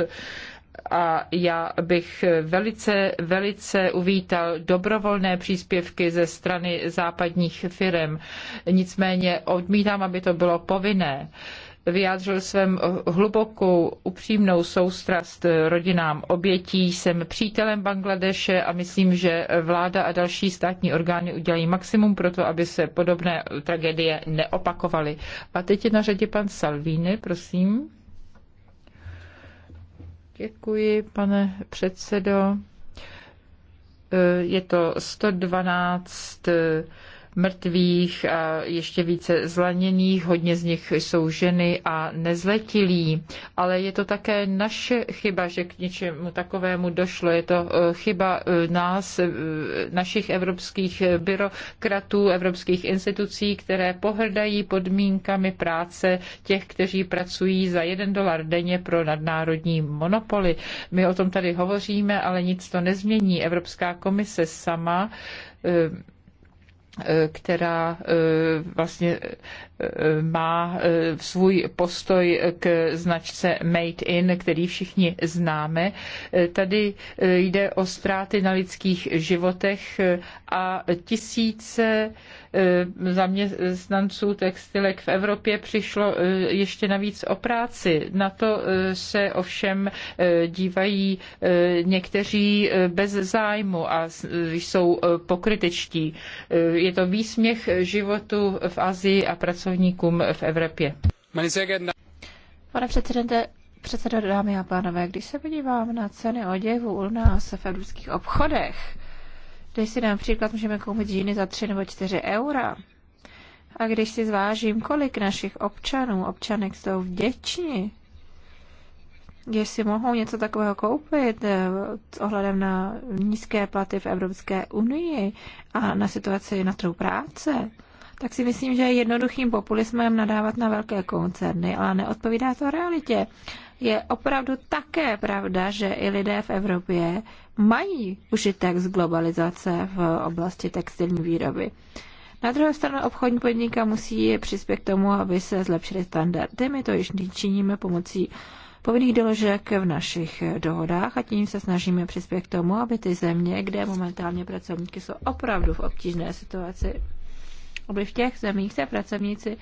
a já bych velice, velice uvítal dobrovolné příspěvky ze strany západních firm. Nicméně odmítám, aby to bylo povinné. Vyjádřil jsem hlubokou, upřímnou soustrast rodinám obětí. Jsem přítelem Bangladeše a myslím, že vláda a další státní orgány udělají maximum pro to, aby se podobné tragédie neopakovaly. A teď je na řadě pan Salvini, prosím. Děkuji, pane předsedo. E, je to 112 mrtvých ještě více zraněných, hodně z nich jsou ženy a nezletilí. Ale je to také naše chyba, že k něčemu takovému došlo. Je to e, chyba e, nás, e, našich evropských byrokratů, evropských institucí, které pohrdají podmínkami práce těch, kteří pracují za jeden dolar denně pro nadnárodní monopoly. My o tom tady hovoříme, ale nic to nezmění. Evropská komise sama Eh, která eh, vlastně má eh, svůj postoj k značce Made in, který všichni známe. Eh, tady eh, jde o ztráty na lidských životech a tisíce zaměstnanců textilek v Evropě přišlo ještě navíc o práci. Na to se ovšem dívají někteří bez zájmu a jsou pokrytečtí. Je to výsměch životu v Azii a pracovní pracovníkům v Evropě. Pane předsedente, předsedo, dámy a pánové, když se podívám na ceny oděvu u nás v evropských obchodech, když si například můžeme koupit džíny za 3 nebo 4 eura, a když si zvážím, kolik našich občanů, občanek jsou vděční, jestli mohou něco takového koupit eh, s ohledem na nízké platy v Evropské unii a na situaci na trhu práce, tak si myslím, že je jednoduchým populismem nadávat na velké koncerny, ale neodpovídá to realitě. Je opravdu také pravda, že i lidé v Evropě mají užitek z globalizace v oblasti textilní výroby. Na druhou stranu obchodní podnika musí přispět k tomu, aby se zlepšily standardy. My to již činíme pomocí povinných doložek v našich dohodách a tím se snažíme přispět k tomu, aby ty země, kde momentálně pracovníky jsou opravdu v obtížné situaci, aby v těch zemích se pracovníci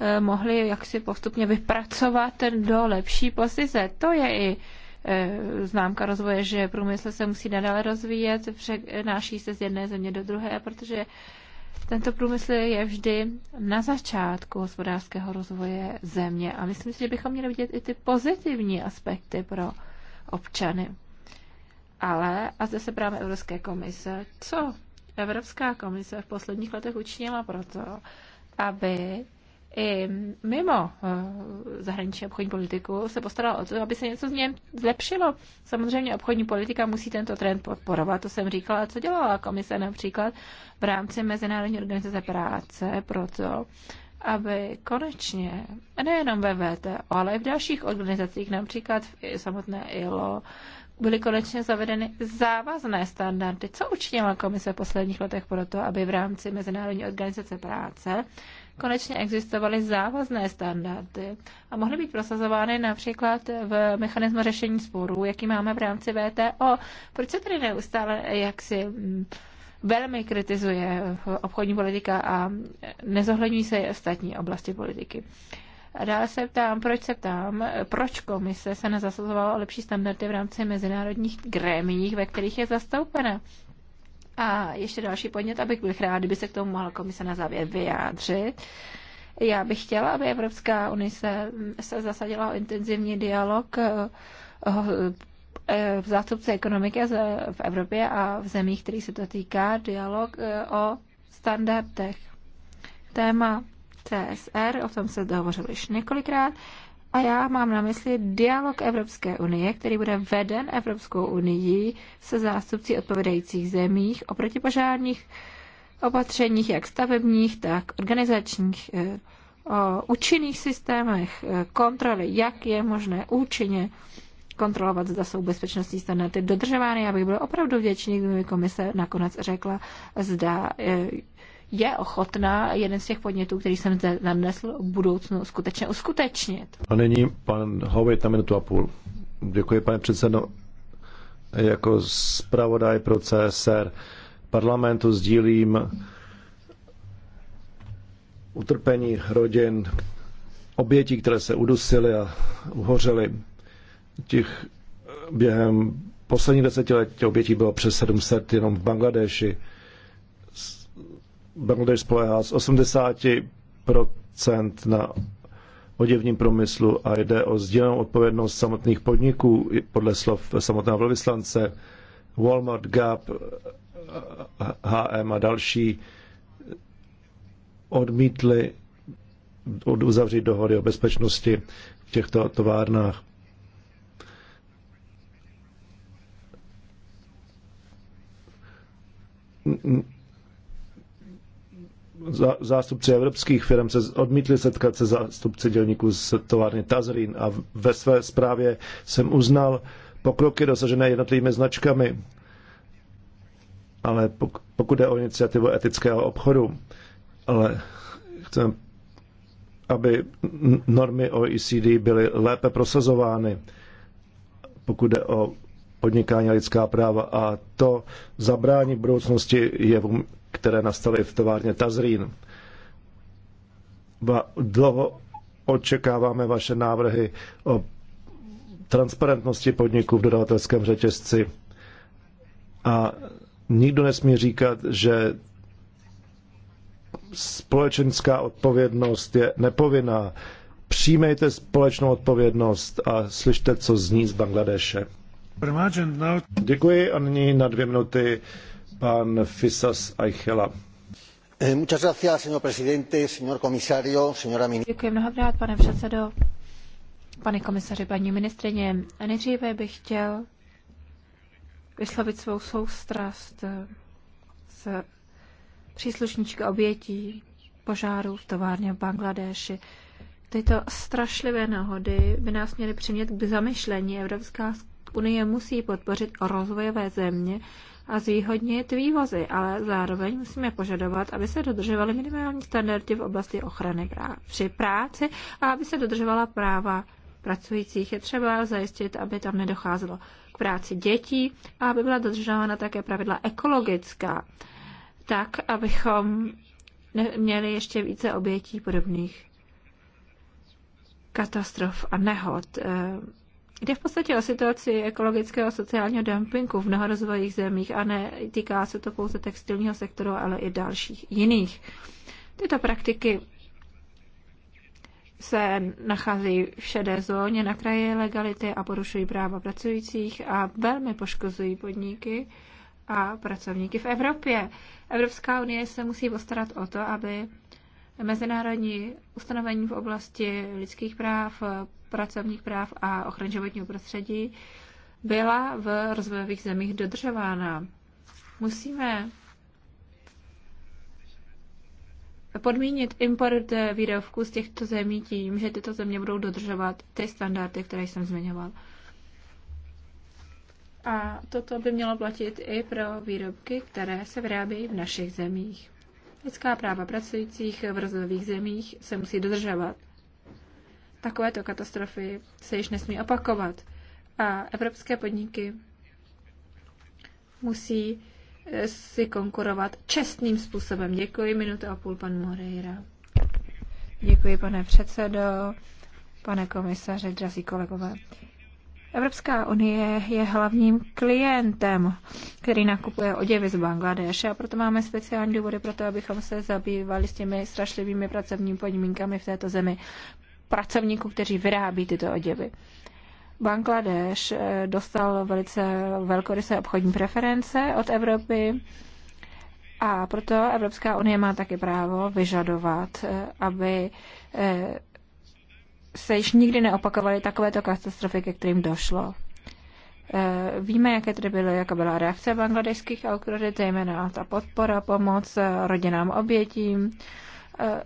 eh, mohli jaksi postupně vypracovat do lepší pozice. To je i eh, známka rozvoje, že průmysl se musí nadále rozvíjet, přenáší se z jedné země do druhé, protože tento průmysl je vždy na začátku hospodářského rozvoje země a myslím si, že bychom měli vidět i ty pozitivní aspekty pro občany. Ale, a zde se právě Evropské komise, co Evropská komise v posledních letech učinila proto, aby i mimo eh, zahraniční obchodní politiku se postarala o to, aby se něco z něm zlepšilo. Samozřejmě obchodní politika musí tento trend podporovat, to jsem říkala, co dělala komise například v rámci Mezinárodní organizace práce proto, aby konečně, nejenom ve VTO, ale i v dalších organizacích, například v samotné ILO, byly konečně zavedeny závazné standardy. Co učinila komise v posledních letech pro to, aby v rámci Mezinárodní organizace práce konečně existovaly závazné standardy a mohly být prosazovány například v mechanismu řešení sporů, jaký máme v rámci VTO. Proč se tedy neustále jaksi mm, velmi kritizuje obchodní politika a nezohledňují se ostatní oblasti politiky? A dále se ptám, proč se ptám, proč komise se nezasazovala o lepší standardy v rámci mezinárodních grémiích, ve kterých je zastoupena. A ještě další podnět, abych byl rád, kdyby se k tomu mohla komise na závěr vyjádřit. Já bych chtěla, aby Evropská unie se, se zasadila o intenzivní dialog eh, eh, v zástupce ekonomiky v Evropě a v zemích, kterých se to týká, dialog eh, o standardech. Téma TSR, o tom se dohovořilo již několikrát, a já mám na mysli dialog Evropské unie, který bude veden Evropskou unii se zástupci odpovědajících zemích o protipožárních opatřeních, jak stavebních, tak organizačních, eh, o účinných systémech eh, kontroly, jak je možné účinně kontrolovat, zda jsou bezpečnostní standardy dodržovány. Já bych byl opravdu vděčný, kdyby mi komise nakonec řekla, zda eh, je ochotná jeden z těch podnětů, který jsem zde nadnesl, v budoucnu skutečně uskutečnit. A nyní pan Hovej na minutu a půl. Děkuji, pane předsedo. Jako zpravodaj pro CSR parlamentu sdílím utrpení rodin, obětí, které se udusily a uhořely. Těch během posledních desetiletí obětí bylo přes 700 jenom v Bangladeši. Bangladeš spolehá z 80% na oděvním průmyslu a jde o sdílenou odpovědnost samotných podniků, podle slov samotného velvyslance. Walmart, Gap, HM a další odmítli uzavřít dohody o bezpečnosti v těchto továrnách. N- zástupci evropských firm se odmítli setkat se zástupci dělníků z továrny Tazrín a ve své zprávě jsem uznal pokroky dosažené jednotlivými značkami, ale pokud jde o iniciativu etického obchodu, ale chceme, aby normy OECD byly lépe prosazovány, pokud jde o podnikání a lidská práva a to zabrání budoucnosti jevům které nastaly v továrně Tazrín. Dlouho očekáváme vaše návrhy o transparentnosti podniků v dodavatelském řetězci a nikdo nesmí říkat, že společenská odpovědnost je nepovinná. Přijmejte společnou odpovědnost a slyšte, co zní z Bangladeše. Děkuji a nyní na dvě minuty pan Fisas Aichela. Eh, Děkuji mnohokrát, pane předsedo, pane komisaři, paní ministrině. Nejdříve bych chtěl vyslovit svou soustrast eh, s příslušníčky obětí požáru v továrně v Bangladeši. Tyto strašlivé nehody by nás měly přimět k zamyšlení. Evropská unie musí podpořit rozvojové země a zvýhodnit vývozy, ale zároveň musíme požadovat, aby se dodržovaly minimální standardy v oblasti ochrany práv při práci a aby se dodržovala práva pracujících. Je třeba zajistit, aby tam nedocházelo k práci dětí a aby byla dodržována také pravidla ekologická, tak, abychom měli ještě více obětí podobných katastrof a nehod. Jde v podstatě o situaci ekologického a sociálního dumpingu v mnoha rozvojových zemích a ne týká se to pouze textilního sektoru, ale i dalších jiných. Tyto praktiky se nacházejí v šedé zóně na kraji legality a porušují práva pracujících a velmi poškozují podniky a pracovníky v Evropě. Evropská unie se musí postarat o to, aby mezinárodní ustanovení v oblasti lidských práv, pracovních práv a ochrany životního prostředí byla v rozvojových zemích dodržována. Musíme podmínit import výrobků z těchto zemí tím, že tyto země budou dodržovat ty standardy, které jsem zmiňoval. A toto by mělo platit i pro výrobky, které se vyrábějí v našich zemích. Lidská práva pracujících v rozvojových zemích se musí dodržovat. Takovéto katastrofy se již nesmí opakovat a evropské podniky musí eh, si konkurovat čestným způsobem. Děkuji, minuta a půl, pan Moreira. Děkuji, pane předsedo, pane komisaře, drazí kolegové. Evropská unie je hlavním klientem, který nakupuje oděvy z Bangladeše a proto máme speciální důvody pro to, abychom se zabývali s těmi strašlivými pracovními podmínkami v této zemi pracovníků, kteří vyrábí tyto oděvy. Bangladeš eh, dostal velice velkorysé obchodní preference od Evropy a proto Evropská unie má také právo vyžadovat, eh, aby eh, se již nikdy neopakovaly takovéto katastrofy, ke kterým došlo. Eh, víme, jaké tedy byly, jaká byla reakce bangladeských autorit, zejména ta podpora, pomoc eh, rodinám obětím, eh,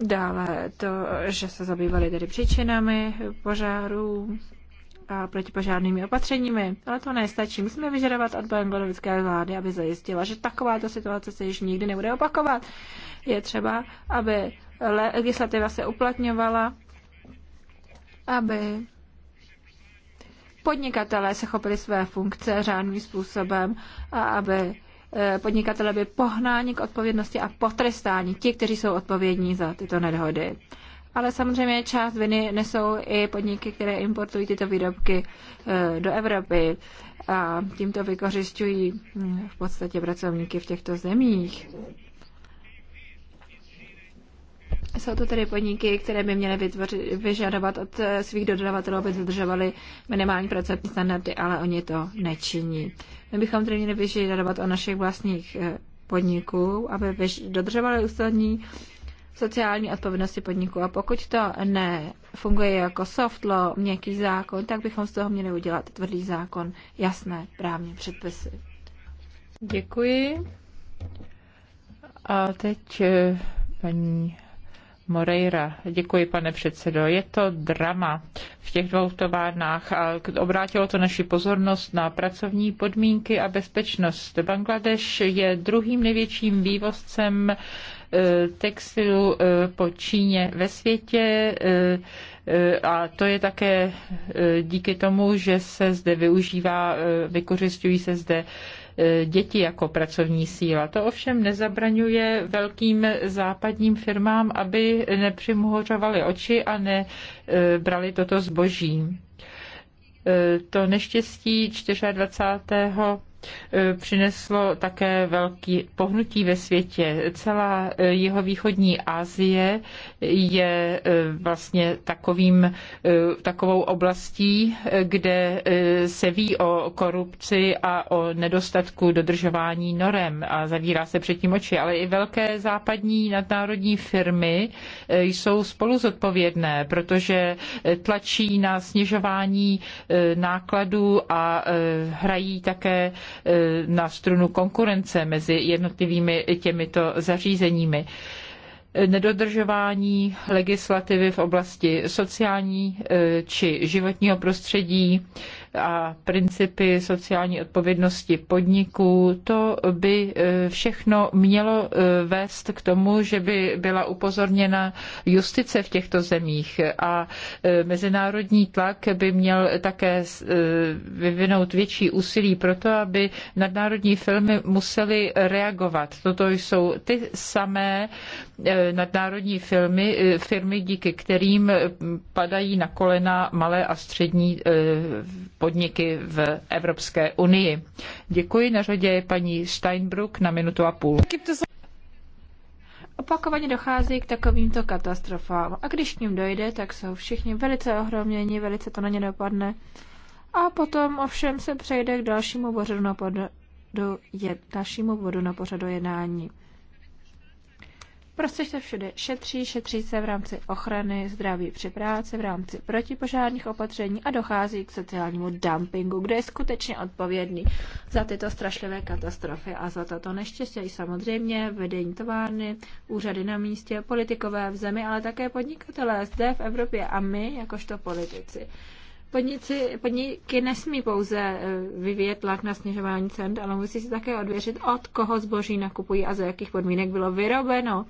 dále to, že se zabývali tedy příčinami požáru, a protipožárnými opatřeními. Ale to nestačí. Musíme vyžadovat od bangladeské vlády, aby zajistila, že takováto situace se již nikdy nebude opakovat. Je třeba, aby legislativa se uplatňovala aby podnikatelé se chopili své funkce řádným způsobem a aby eh, podnikatelé by pohnáni k odpovědnosti a potrestání ti, kteří jsou odpovědní za tyto nedhody. Ale samozřejmě část viny nesou i podniky, které importují tyto výrobky eh, do Evropy a tímto vykořišťují hm, v podstatě pracovníky v těchto zemích. Jsou to tedy podniky, které by měly vytvořit, vyžadovat od eh, svých dodavatelů, aby dodržovali minimální pracovní standardy, ale oni to nečiní. My bychom tedy měli vyžadovat od našich vlastních eh, podniků, aby dodržovali ústavní sociální odpovědnosti podniku. A pokud to nefunguje jako soft law, měkký zákon, tak bychom z toho měli udělat tvrdý zákon, jasné právní předpisy. Děkuji. A teď eh, paní Moreira. Děkuji, pane předsedo. Je to drama v těch dvou továrnách a obrátilo to naši pozornost na pracovní podmínky a bezpečnost. Bangladeš je druhým největším vývozcem eh, textilu eh, po Číně ve světě eh, a to je také díky tomu, že se zde využívá, vykořišťují se zde E, děti jako pracovní síla. To ovšem nezabraňuje velkým západním firmám, aby nepřimhořovaly oči a nebrali e, toto zboží. E, to neštěstí 24 Eh, přineslo také velký pohnutí ve světě. Celá eh, jeho východní Asie je eh, vlastně takovým, takovou oblastí, kde se ví o korupci a o nedostatku dodržování norem a zavírá se předtím oči, ale i velké západní nadnárodní firmy jsou spolu zodpovědné, protože tlačí na snižování nákladů a hrají také Eh, na strunu konkurence mezi jednotlivými těmito zařízeními nedodržování legislativy v oblasti sociální eh, či životního prostředí, a principy sociální odpovědnosti podniků, to by e, všechno mělo e, vést k tomu, že by byla upozorněna justice v těchto zemích a e, mezinárodní tlak by měl také vyvinout větší úsilí pro to, aby nadnárodní firmy musely reagovat. Toto jsou ty samé nadnárodní firmy, firmy díky kterým padají na kolena malé a střední podniky v Evropské unii. Děkuji, na řadě je paní Steinbrück na minutu a půl. Opakovaně dochází k takovýmto katastrofám a když k ním dojde, tak jsou všichni velice ohroměni, velice to na ně dopadne. A potom ovšem se přejde k dalšímu pořadu na, pod, do, je, dalšímu bodu na pořadu jednání. Prostě se všude šetří, šetří se v rámci ochrany zdraví při práci, v rámci protipožárních opatření a dochází k sociálnímu dumpingu, kde je skutečně odpovědný za tyto strašlivé katastrofy a za tato neštěstí. I samozřejmě vedení továrny, úřady na místě, politikové v zemi, ale také podnikatelé zde v Evropě a my jakožto politici. Podniky, podniky nesmí pouze e, vyvíjet tlak na snižování cen, ale musí si také odvěřit, od koho zboží nakupují a za jakých podmínek bylo vyrobeno.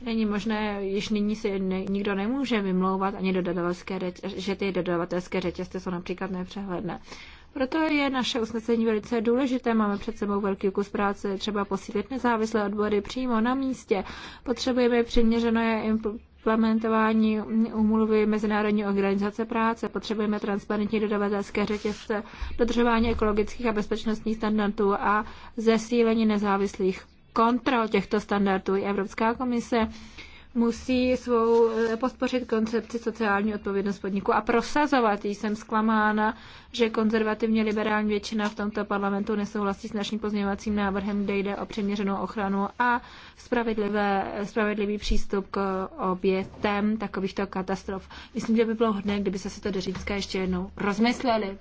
Není možné, již nyní si ne, nikdo nemůže vymlouvat ani dodavatelské, že ty dodavatelské řetězce jsou například nepřehledné. Proto je naše usnesení velice důležité. Máme před sebou velký kus práce, třeba posílit nezávislé odbory přímo na místě. Potřebujeme přiměřené impl- implementování úmluvy Mezinárodní organizace práce. Potřebujeme transparentní dodavatelské řetězce, dodržování ekologických a bezpečnostních standardů a zesílení nezávislých kontrol těchto standardů. Evropská komise musí svou eh, podpořit koncepci sociální odpovědnost podniku a prosazovat ji. Jsem zklamána, že konzervativně liberální většina v tomto parlamentu nesouhlasí s naším pozměňovacím návrhem, kde jde o přiměřenou ochranu a spravedlivé, spravedlivý přístup k obětem takovýchto katastrof. Myslím, že by bylo hodné, kdyby se si to do Římska ještě jednou rozmysleli.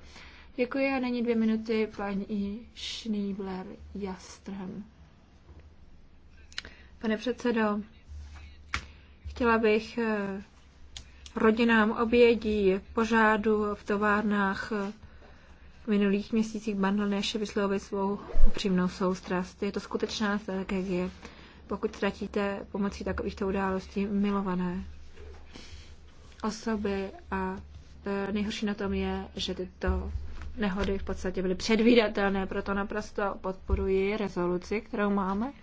Děkuji a není dvě minuty paní Schniebler Jastrem. Pane předsedo, Chtěla bych eh, rodinám obědí, pořádu v továrnách eh, v minulých měsících Bangladeše vyslovit svou upřímnou soustrast. Je to skutečná strategie, pokud ztratíte pomocí takovýchto událostí milované osoby a eh, nejhorší na tom je, že tyto nehody v podstatě byly předvídatelné, proto naprosto podporuji rezoluci, kterou máme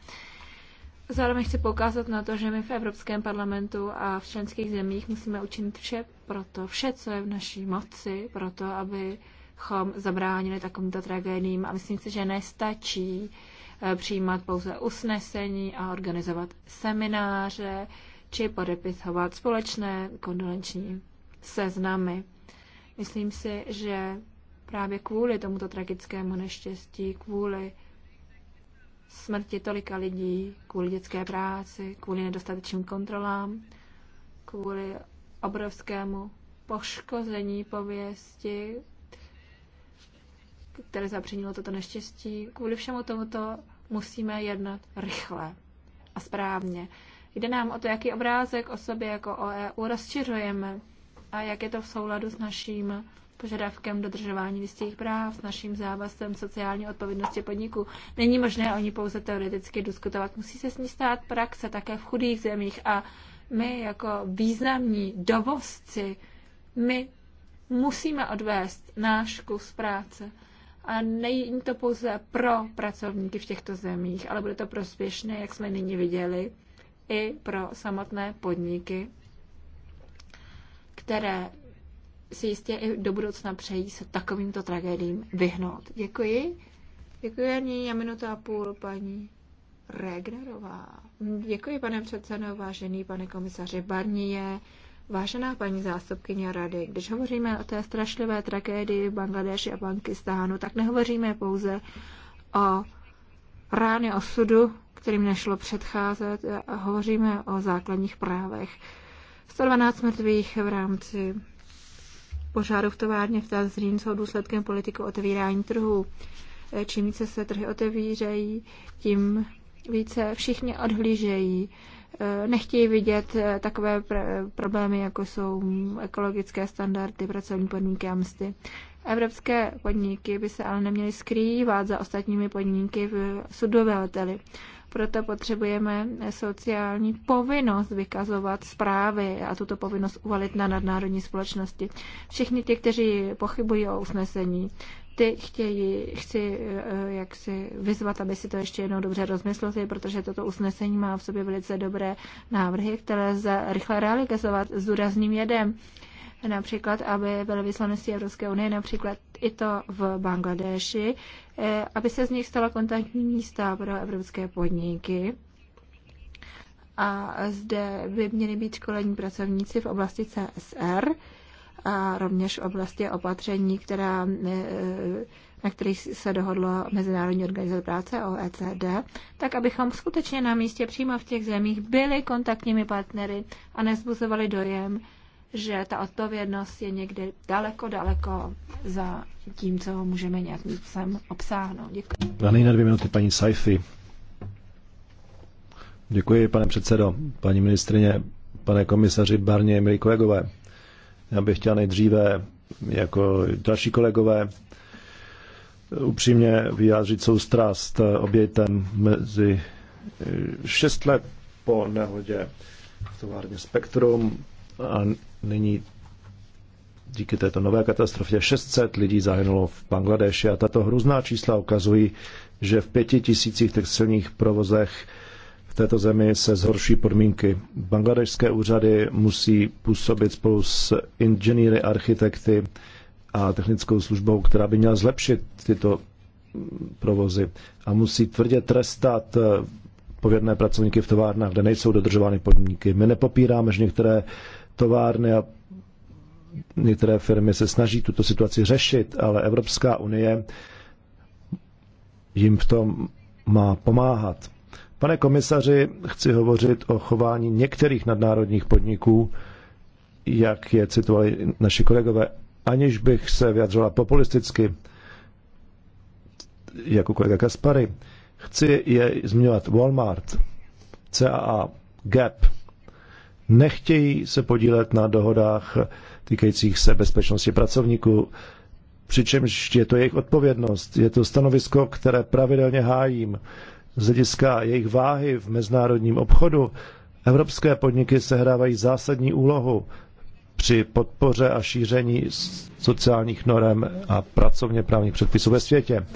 Zároveň chci poukázat na to, že my v Evropském parlamentu a v členských zemích musíme učinit vše proto, vše, co je v naší moci, proto, abychom zabránili takovýmto tragédiím. A myslím si, že nestačí eh, přijímat pouze usnesení a organizovat semináře či podepisovat společné kondolenční seznamy. Myslím si, že právě kvůli tomuto tragickému neštěstí, kvůli smrti tolika lidí kvůli dětské práci, kvůli nedostatečným kontrolám, kvůli obrovskému poškození pověsti, které zapřinilo toto neštěstí. Kvůli všemu tomuto musíme jednat rychle a správně. Jde nám o to, jaký obrázek o sobě jako o EU rozšiřujeme a jak je to v souladu s naším požadavkem dodržování lidských práv, s naším závazkem sociální odpovědnosti podniků. Není možné o ní pouze teoreticky diskutovat. Musí se s ní stát praxe také v chudých zemích a my jako významní dovozci, my musíme odvést náš kus práce. A není to pouze pro pracovníky v těchto zemích, ale bude to prospěšné, jak jsme nyní viděli, i pro samotné podniky, které si jistě i do budoucna přejí se takovýmto tragédiím vyhnout. Děkuji. Děkuji, Ani, a minuta a půl, paní Regnerová. Děkuji, pane předsedo, vážený pane komisaři Barnie, vážená paní zástupkyně rady. Když hovoříme o té strašlivé tragédii v Bangladeši a Pakistánu, tak nehovoříme pouze o rány osudu, kterým nešlo předcházet, a hovoříme o základních právech. 112 mrtvých v rámci požáru v továrně v Tazrín jsou důsledkem politiky otevírání trhu. Čím více se trhy otevírají, tím více všichni odhlížejí. Nechtějí vidět eh, takové pr- problémy, jako jsou ekologické standardy, pracovní podmínky a msty. Evropské podniky by se ale neměly skrývat za ostatními podniky v sudovateli. Proto potřebujeme sociální povinnost vykazovat zprávy a tuto povinnost uvalit na nadnárodní společnosti. Všichni ti, kteří pochybují o usnesení, ty chtějí, chci eh, jak si vyzvat, aby si to ještě jednou dobře rozmysleli, protože toto usnesení má v sobě velice dobré návrhy, které lze rychle realizovat s důrazným jedem například, aby byly vyslanosti Evropské unie, například i to v Bangladeši, eh, aby se z nich stala kontaktní místa pro evropské podniky. A zde by měly být školení pracovníci v oblasti CSR a rovněž v oblasti opatření, která, eh, na kterých se dohodlo Mezinárodní organizace práce OECD, tak abychom skutečně na místě přímo v těch zemích byli kontaktními partnery a nezbuzovali dojem, že ta odpovědnost je někdy daleko, daleko za tím, co můžeme nějakým způsobem obsáhnout. Děkuji. Na dvě minuty paní Saifi. Děkuji, pane předsedo, paní ministrině, pane komisaři Barně, milí kolegové. Já bych chtěl nejdříve, jako další kolegové, upřímně vyjádřit soustrast obětem mezi 6 let po nehodě v továrně Spektrum a nyní díky této nové katastrofě 600 lidí zahynulo v Bangladeši a tato hrůzná čísla ukazují, že v pěti tisících textilních provozech v této zemi se zhorší podmínky. Bangladešské úřady musí působit spolu s inženýry, architekty a technickou službou, která by měla zlepšit tyto provozy a musí tvrdě trestat eh, povědné pracovníky v továrnách, kde nejsou dodržovány podmínky. My nepopíráme, že některé továrny a některé firmy se snaží tuto situaci řešit, ale Evropská unie jim v tom má pomáhat. Pane komisaři, chci hovořit o chování některých nadnárodních podniků, jak je citovali naši kolegové, aniž bych se vyjadřovala populisticky, jako kolega Kaspary. Chci je zmiňovat Walmart, CAA, Gap, nechtějí se podílet na dohodách týkajících se bezpečnosti pracovníků, přičemž je to jejich odpovědnost. Je to stanovisko, které pravidelně hájím. Z hlediska jejich váhy v mezinárodním obchodu evropské podniky sehrávají zásadní úlohu při podpoře a šíření sociálních norem a pracovně právních předpisů ve světě.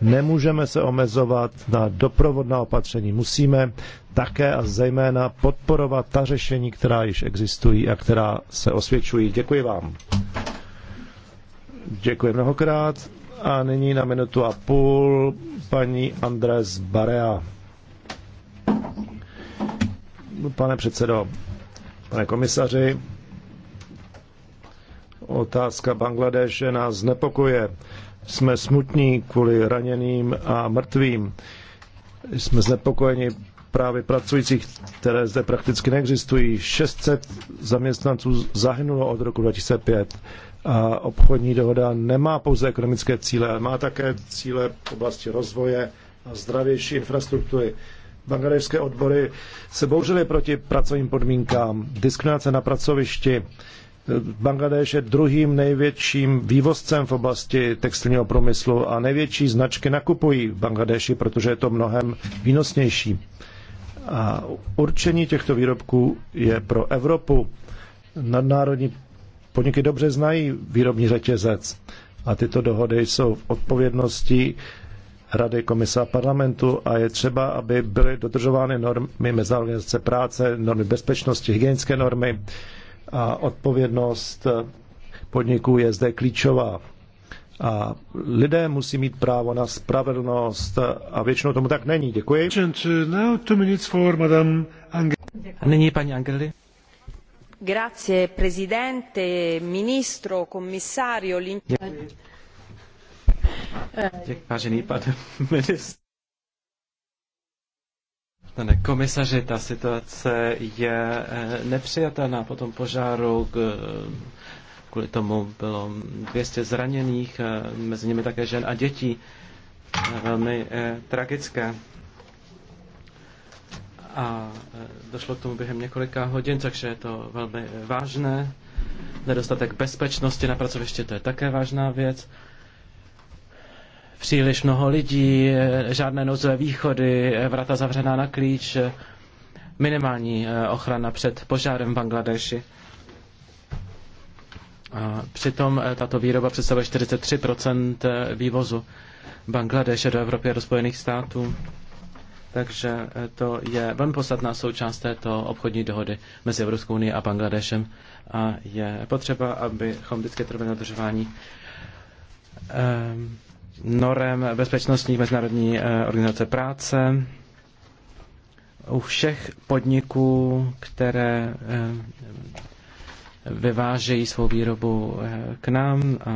Nemůžeme se omezovat na doprovodná opatření. Musíme také a zejména podporovat ta řešení, která již existují a která se osvědčují. Děkuji vám. Děkuji mnohokrát. A nyní na minutu a půl paní Andres Barea. Pane předsedo, pane komisaři, otázka Bangladeše nás znepokuje. Jsme smutní kvůli raněným a mrtvým. Jsme znepokojeni právě pracujících, které zde prakticky neexistují. 600 zaměstnanců zahynulo od roku 2005 a obchodní dohoda nemá pouze ekonomické cíle, ale má také cíle v oblasti rozvoje a zdravější infrastruktury. Bangladešské odbory se bouřily proti pracovním podmínkám, diskriminace na pracovišti. Bangladeš je druhým největším vývozcem v oblasti textilního průmyslu a největší značky nakupují v Bangladeši, protože je to mnohem výnosnější. A určení těchto výrobků je pro Evropu. Nadnárodní podniky dobře znají výrobní řetězec a tyto dohody jsou v odpovědnosti Rady komisa parlamentu a je třeba, aby byly dodržovány normy Mezinárodní práce, normy bezpečnosti, hygienické normy a odpovědnost podniků je zde klíčová. A lidé musí mít právo na spravedlnost a většinou tomu tak není. Děkuji. A nyní paní Angeli. Grazie, presidente, ministro, commissario. vážený pane ministr. Pane komisaři, ta situace je eh, nepřijatelná po tom požáru, Kvůli tomu bylo 200 zraněných, eh, mezi nimi také žen a dětí. Eh, velmi eh, tragické. A došlo k tomu během několika hodin, takže je to velmi vážné. Nedostatek bezpečnosti na pracovišti, to je také vážná věc příliš mnoho lidí, žádné nouzové východy, vrata zavřená na klíč, minimální ochrana před požárem v Bangladeši přitom eh, tato výroba představuje 43 eh, vývozu Bangladeše do Evropy a do Spojených států. Takže eh, to je velmi podstatná součást této obchodní dohody mezi Evropskou unii a Bangladešem. A je potřeba, abychom vždycky trvali na dodržování norem bezpečnostních mezinárodní organizace práce u všech podniků, které vyvážejí svou výrobu eh, k nám. A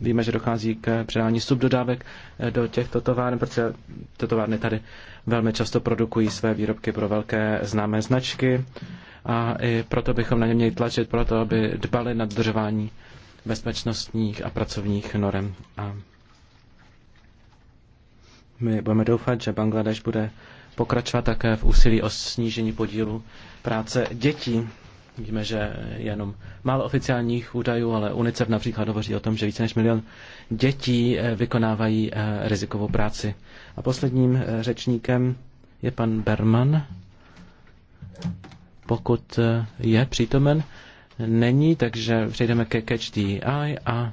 víme, že dochází k předání subdodávek eh, do těchto továren, protože tyto továrny tady velmi často produkují své výrobky pro velké známé značky a i proto bychom na ně měli tlačit, proto aby dbali na dodržování bezpečnostních a pracovních norem. A my budeme doufat, že Bangladeš bude pokračovat také v úsilí o snížení podílu práce dětí Víme, že jenom málo oficiálních údajů, ale UNICEF například hovoří o tom, že více než milion dětí eh, vykonávají eh, rizikovou práci. A posledním eh, řečníkem je pan Berman. Pokud je přítomen, není, takže přejdeme ke Catch the Eye a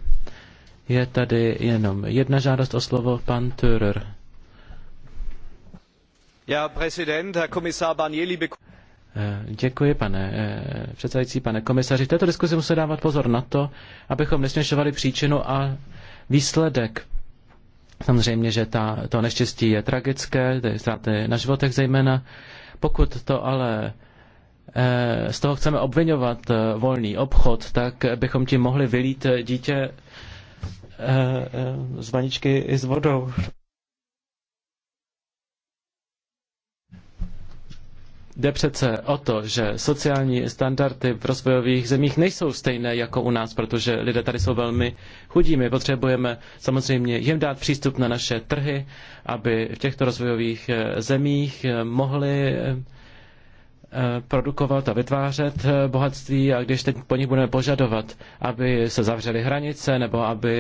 je tady jenom jedna žádost o slovo, pan Thürer. Ja, Herr Präsident, Herr Kommissar Barnier, liebe Eh, děkuji, pane eh, předsedající, pane komisaři. V této diskuzi musíme dávat pozor na to, abychom nesměšovali příčinu a výsledek. Samozřejmě, že ta, to neštěstí je tragické, ty ztráty na životech zejména. Pokud to ale eh, z toho chceme obvinovat volný obchod, tak bychom ti mohli vylít dítě z vaničky i s vodou. Jde přece o to, že sociální standardy v rozvojových zemích nejsou stejné jako u nás, protože lidé tady jsou velmi chudí. My potřebujeme samozřejmě jim dát přístup na naše trhy, aby v těchto rozvojových eh, zemích eh, mohli eh, produkovat a vytvářet bohatství a když teď po nich budeme požadovat, aby se zavřely hranice nebo aby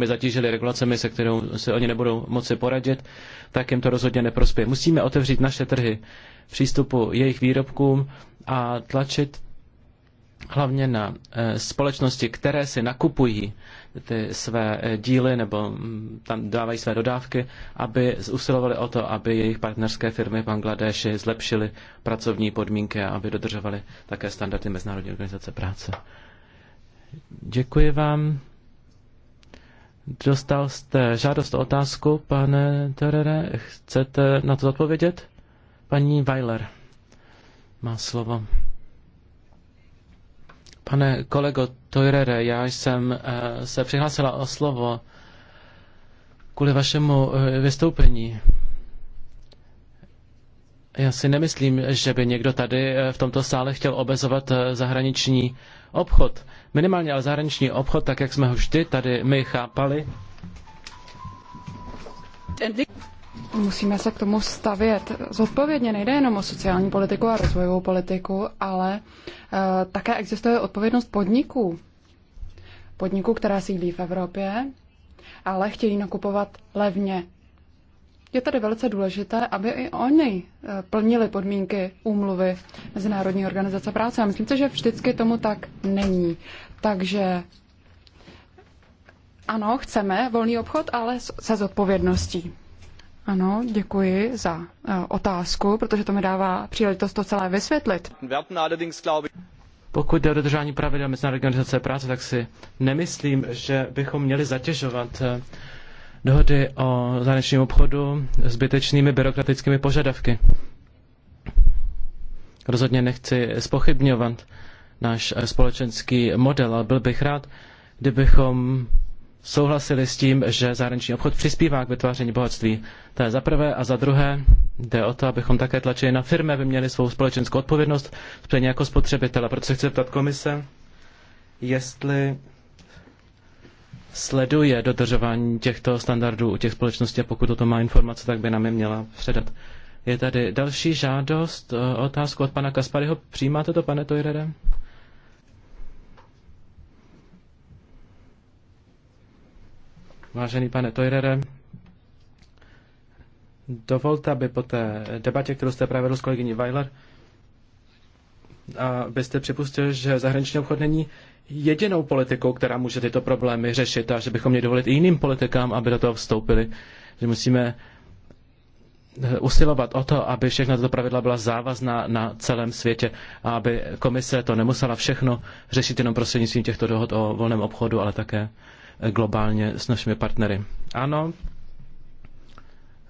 je zatížili regulacemi, se kterou se oni nebudou moci poradit, tak jim to rozhodně neprospěje. Musíme otevřít naše trhy přístupu jejich výrobkům a tlačit hlavně na eh, společnosti, které si nakupují ty své eh, díly nebo mm, tam dávají své dodávky, aby usilovali o to, aby jejich partnerské firmy v Bangladeši zlepšily pracovní podmínky a aby dodržovaly také standardy Mezinárodní organizace práce. Děkuji vám. Dostal jste žádost o otázku, pane Terere. Chcete na to odpovědět? Paní Weiler má slovo. Pane kolego Tojrere, já jsem eh, se přihlásila o slovo kvůli vašemu eh, vystoupení. Já si nemyslím, že by někdo tady eh, v tomto sále chtěl obezovat zahraniční obchod. Minimálně ale zahraniční obchod, tak jak jsme ho vždy tady my chápali musíme se k tomu stavět zodpovědně. Nejde jenom o sociální politiku a rozvojovou politiku, ale eh, také existuje odpovědnost podniků. Podniků, která sídlí v Evropě, ale chtějí nakupovat levně. Je tady velice důležité, aby i oni eh, plnili podmínky úmluvy Mezinárodní organizace práce. A myslím si, že vždycky tomu tak není. Takže ano, chceme volný obchod, ale se zodpovědností. Ano, děkuji za eh, otázku, protože to mi dává příležitost to celé vysvětlit. Pokud jde o dodržování pravidel Mezinárodní organizace práce, tak si nemyslím, že bychom měli zatěžovat eh, dohody o zahraničním obchodu zbytečnými byrokratickými požadavky. Rozhodně nechci spochybňovat náš eh, společenský model, ale byl bych rád, kdybychom souhlasili s tím, že zahraniční obchod přispívá k vytváření bohatství. To je za prvé. A za druhé jde o to, abychom také tlačili na firmy, aby měli svou společenskou odpovědnost, stejně jako spotřebitele. Proto se chci ptat komise, jestli sleduje dodržování těchto standardů u těch společností a pokud o tom má informace, tak by nám je měla předat. Je tady další žádost, eh, otázku od pana Kasparyho. Přijímáte to, pane Tojrere? Vážený pane Tojrere, dovolte, aby po té debatě, kterou jste právě vedl s kolegyní Weiler, abyste připustil, že zahraniční obchod není jedinou politikou, která může tyto problémy řešit a že bychom měli dovolit i jiným politikám, aby do toho vstoupili. Že musíme eh, usilovat o to, aby všechna tato pravidla byla závazná na celém světě a aby komise to nemusela všechno řešit jenom prostřednictvím těchto dohod o volném obchodu, ale také globálně s našimi partnery. Ano,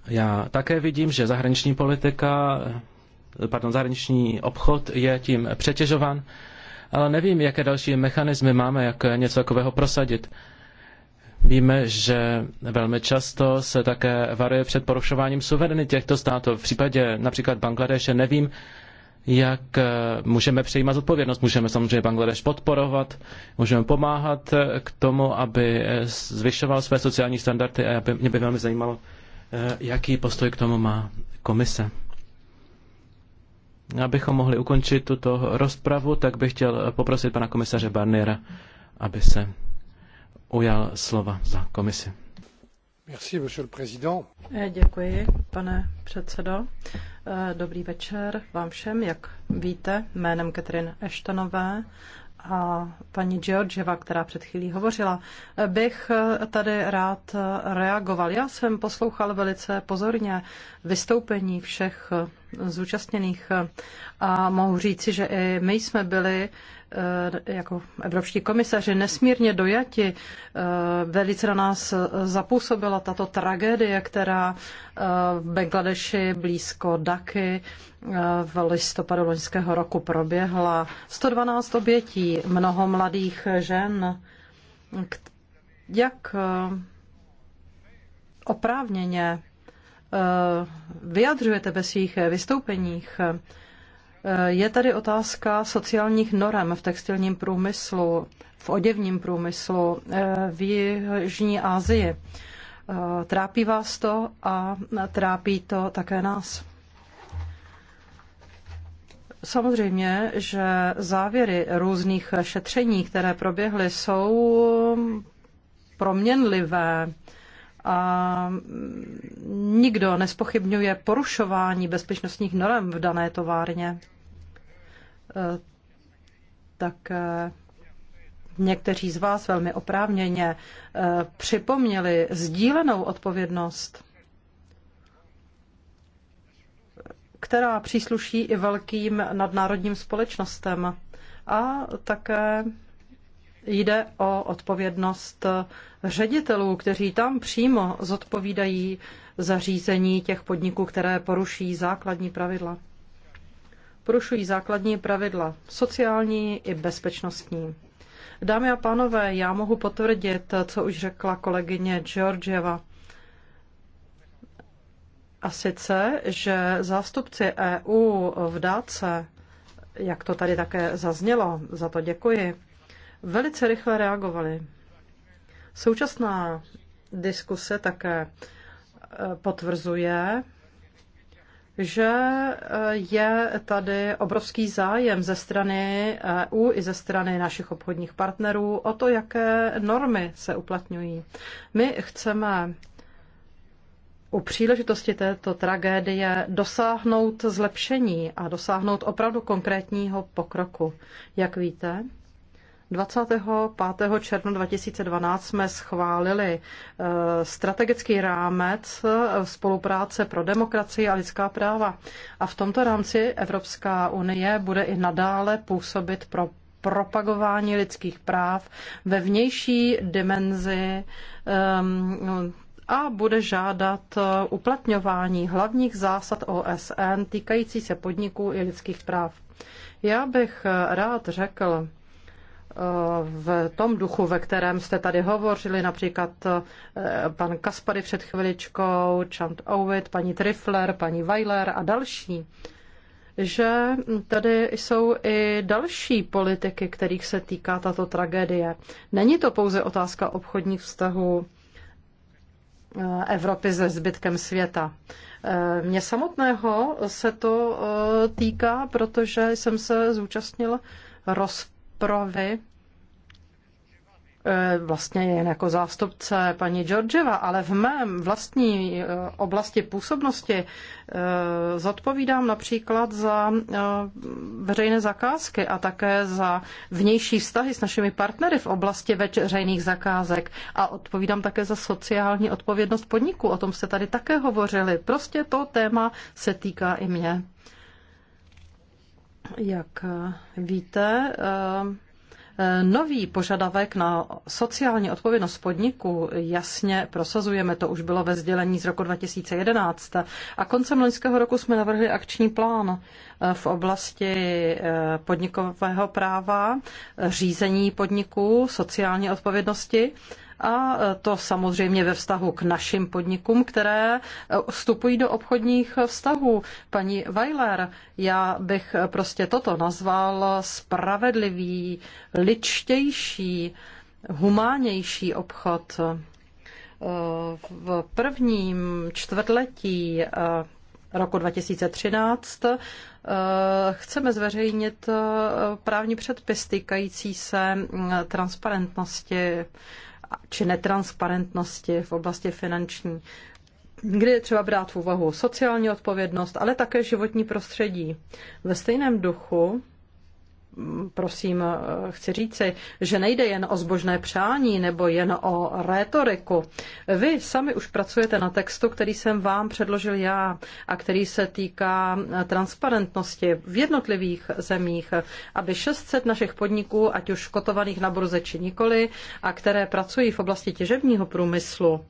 já také vidím, že zahraniční politika, pardon, zahraniční obchod je tím přetěžován, ale nevím, jaké další mechanismy máme, jak něco takového prosadit. Víme, že velmi často se také varuje před porušováním suverenity těchto států. V případě například Bangladeše nevím, jak eh, můžeme přejímat odpovědnost. Můžeme samozřejmě Bangladeš podporovat, můžeme pomáhat eh, k tomu, aby eh, zvyšoval své sociální standardy a aby, mě by velmi zajímalo, jaký postoj k tomu má komise. Abychom mohli ukončit tuto rozpravu, tak bych chtěl poprosit pana komisaře Barniera, aby se ujal slova za komisi. Eh, děkuji, pane předsedo. Eh, dobrý večer vám všem. Jak víte, jménem Katrin Eštanové a paní Georgieva, která před chvílí hovořila, eh, bych tady rád reagoval. Já jsem poslouchal velice pozorně vystoupení všech zúčastněných a mohu říci, že i my jsme byli Eh, jako evropští komisaři nesmírně dojati. Eh, velice na nás zapůsobila tato tragédie, která eh, v Bangladeši blízko Daky v listopadu loňského roku proběhla. 112 obětí, mnoho mladých žen. Jak oprávněně vyjadřujete ve svých vystoupeních Eh, je tady otázka sociálních norem v textilním průmyslu, v oděvním průmyslu eh, v Jižní Asii. Eh, trápí vás to a trápí to také nás. Samozřejmě, že závěry různých šetření, které proběhly, jsou proměnlivé. A nikdo nespochybňuje porušování bezpečnostních norm v dané továrně. E, tak e, někteří z vás velmi oprávněně e, připomněli sdílenou odpovědnost, která přísluší i velkým nadnárodním společnostem a také Jde o odpovědnost ředitelů, kteří tam přímo zodpovídají zařízení těch podniků, které poruší základní pravidla. Porušují základní pravidla sociální i bezpečnostní. Dámy a pánové, já mohu potvrdit, co už řekla kolegyně Georgieva. A sice, že zástupci EU v dáce, jak to tady také zaznělo, za to děkuji, velice rychle reagovali. Současná diskuse také eh, potvrzuje, že eh, je tady obrovský zájem ze strany EU i ze strany našich obchodních partnerů o to, jaké normy se uplatňují. My chceme u příležitosti této tragédie dosáhnout zlepšení a dosáhnout opravdu konkrétního pokroku. Jak víte, 25. června 2012 jsme schválili eh, strategický rámec eh, spolupráce pro demokracii a lidská práva. A v tomto rámci Evropská unie bude i nadále působit pro propagování lidských práv ve vnější dimenzi ehm, a bude žádat eh, uplatňování hlavních zásad OSN týkající se podniků i lidských práv. Já bych rád řekl, v tom duchu, ve kterém jste tady hovořili, například eh, pan Kaspary před chviličkou, Chant Ovid, paní Trifler, paní Weiler a další, že tady jsou i další politiky, kterých se týká tato tragédie. Není to pouze otázka obchodních vztahů eh, Evropy se zbytkem světa. Eh, Mě samotného se to týká, protože jsem se zúčastnil rozpravy Provy eh, vlastně jen jako zástupce paní Georgeva, ale v mém vlastní eh, oblasti působnosti eh, zodpovídám například za veřejné zakázky a také za vnější vztahy s našimi partnery v oblasti veřejných zakázek a odpovídám také za sociální odpovědnost podniku. O tom jste tady také hovořili. Prostě to téma se týká i mě. Jak eh, víte, eh, nový požadavek na sociální odpovědnost podniku jasně prosazujeme, to už bylo ve sdělení z roku 2011. A koncem loňského roku jsme navrhli akční plán eh, v oblasti podnikového práva, řízení podniků, sociální odpovědnosti a to samozřejmě ve vztahu k našim podnikům, které vstupují do obchodních vztahů. Paní Weiler, já bych prostě toto nazval spravedlivý, ličtější, humánější obchod. V prvním čtvrtletí eh, roku 2013 eh, chceme zveřejnit eh, právní předpis týkající se transparentnosti či netransparentnosti v oblasti finanční, kdy je třeba brát v úvahu sociální odpovědnost, ale také životní prostředí. Ve stejném duchu prosím eh, chci říci, že nejde jen o zbožné přání nebo jen o rétoriku. Vy sami už pracujete na textu, který jsem vám předložil já a který se týká eh, transparentnosti v jednotlivých zemích, aby 600 našich podniků, ať už kotovaných na burze či nikoli, a které pracují v oblasti těžebního průmyslu,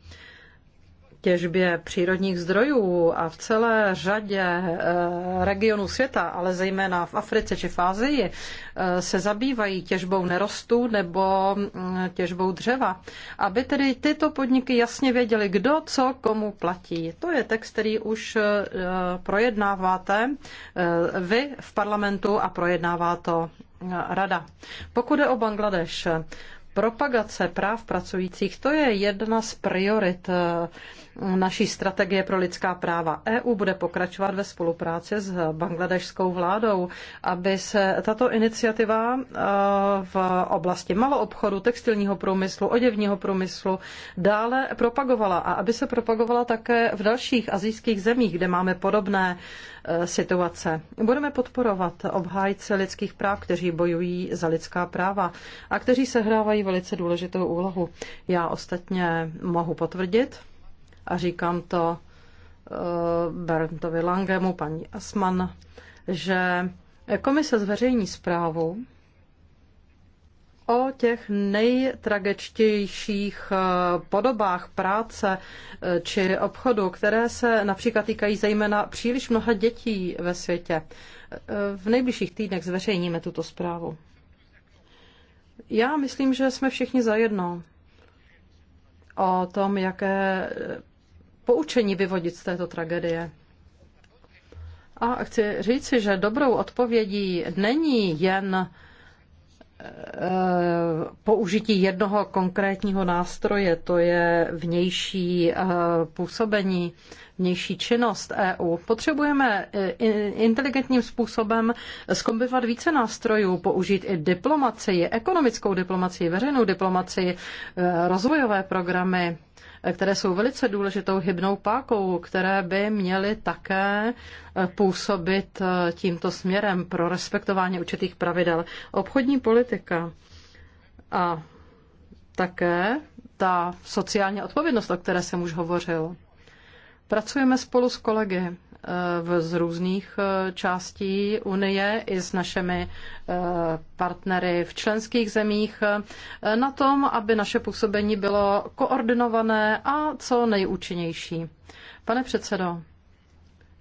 těžbě přírodních zdrojů a v celé řadě eh, regionů světa, ale zejména v Africe či v Ázii, eh, se zabývají těžbou nerostů nebo mm, těžbou dřeva, aby tedy tyto podniky jasně věděly, kdo co komu platí. To je text, který už eh, projednáváte vy v parlamentu a projednává to rada. Pokud je o Bangladeš, propagace práv pracujících, to je jedna z priorit naší strategie pro lidská práva. EU bude pokračovat ve spolupráci s bangladešskou vládou, aby se tato iniciativa eh, v oblasti maloobchodu, textilního průmyslu, oděvního průmyslu dále propagovala a aby se propagovala také v dalších azijských zemích, kde máme podobné eh, situace. Budeme podporovat obhájce lidských práv, kteří bojují za lidská práva a kteří sehrávají velice důležitou úlohu. Já ostatně mohu potvrdit, a říkám to eh, Berntovi Langemu, paní Asman, že komise zveřejní zprávu o těch nejtragečtějších eh, podobách práce eh, či obchodu, které se například týkají zejména příliš mnoha dětí ve světě. V nejbližších týdnech zveřejníme tuto zprávu. Já myslím, že jsme všichni zajedno o tom, jaké poučení vyvodit z této tragédie. A chci říci, že dobrou odpovědí není jen e, použití jednoho konkrétního nástroje, to je vnější e, působení, vnější činnost EU. Potřebujeme e, inteligentním způsobem skombinovat více nástrojů, použít i diplomacii, ekonomickou diplomacii, veřejnou diplomacii, rozvojové programy, které jsou velice důležitou hybnou pákou, které by měly také eh, působit eh, tímto směrem pro respektování určitých pravidel. Obchodní politika a také ta sociální odpovědnost, o které jsem už hovořil. Pracujeme spolu s kolegy v, z různých eh, částí Unie i s našimi eh, partnery v členských zemích eh, na tom, aby naše působení bylo koordinované a co nejúčinnější. Pane předsedo,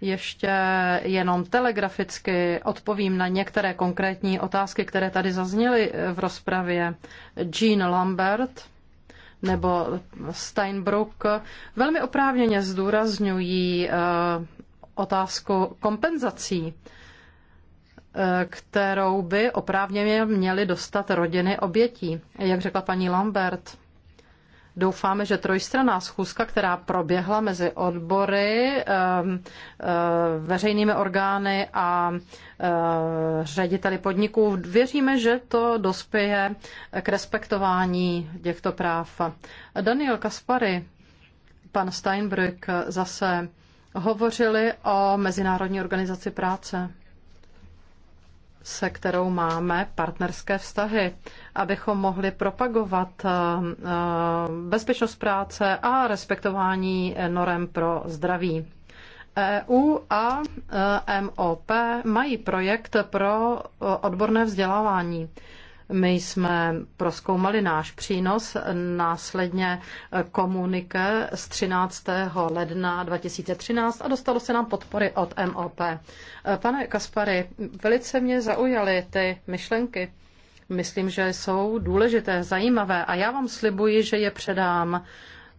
ještě jenom telegraficky odpovím na některé konkrétní otázky, které tady zazněly v rozpravě. Jean Lambert nebo Steinbrück velmi oprávněně zdůrazňují otázku kompenzací, eh, kterou by oprávněně měly dostat rodiny obětí. Jak řekla paní Lambert, Doufáme, že trojstranná schůzka, která proběhla mezi odbory, ehm, eh, veřejnými orgány a eh, řediteli podniků, věříme, že to dospěje k respektování těchto práv. Daniel Kaspary, pan Steinbrück zase hovořili o Mezinárodní organizaci práce, se kterou máme partnerské vztahy, abychom mohli propagovat eh, eh, bezpečnost práce a respektování norem pro zdraví. EU a eh, MOP mají projekt pro odborné vzdělávání. My jsme proskoumali náš přínos, následně komunike z 13. ledna 2013 a dostalo se nám podpory od MOP. Pane Kaspary, velice mě zaujaly ty myšlenky. Myslím, že jsou důležité, zajímavé a já vám slibuji, že je předám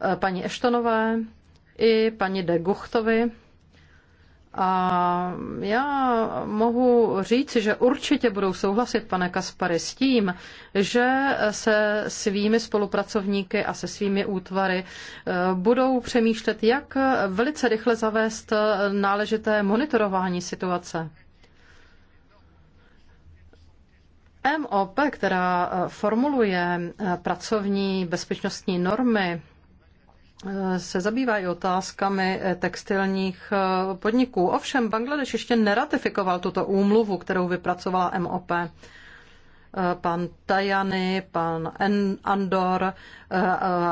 eh, paní Eštonové i paní de Guchtovi a já mohu říct, že určitě budou souhlasit, pane Kaspary, s tím, že se svými spolupracovníky a se svými útvary eh, budou přemýšlet, jak velice rychle zavést eh, náležité monitorování situace. MOP, která eh, formuluje pracovní bezpečnostní normy, se zabývá i otázkami eh, textilních eh, podniků. Ovšem Bangladeš ještě neratifikoval tuto úmluvu, kterou vypracovala MOP. Eh, pan Tajany, pan Andor eh, eh,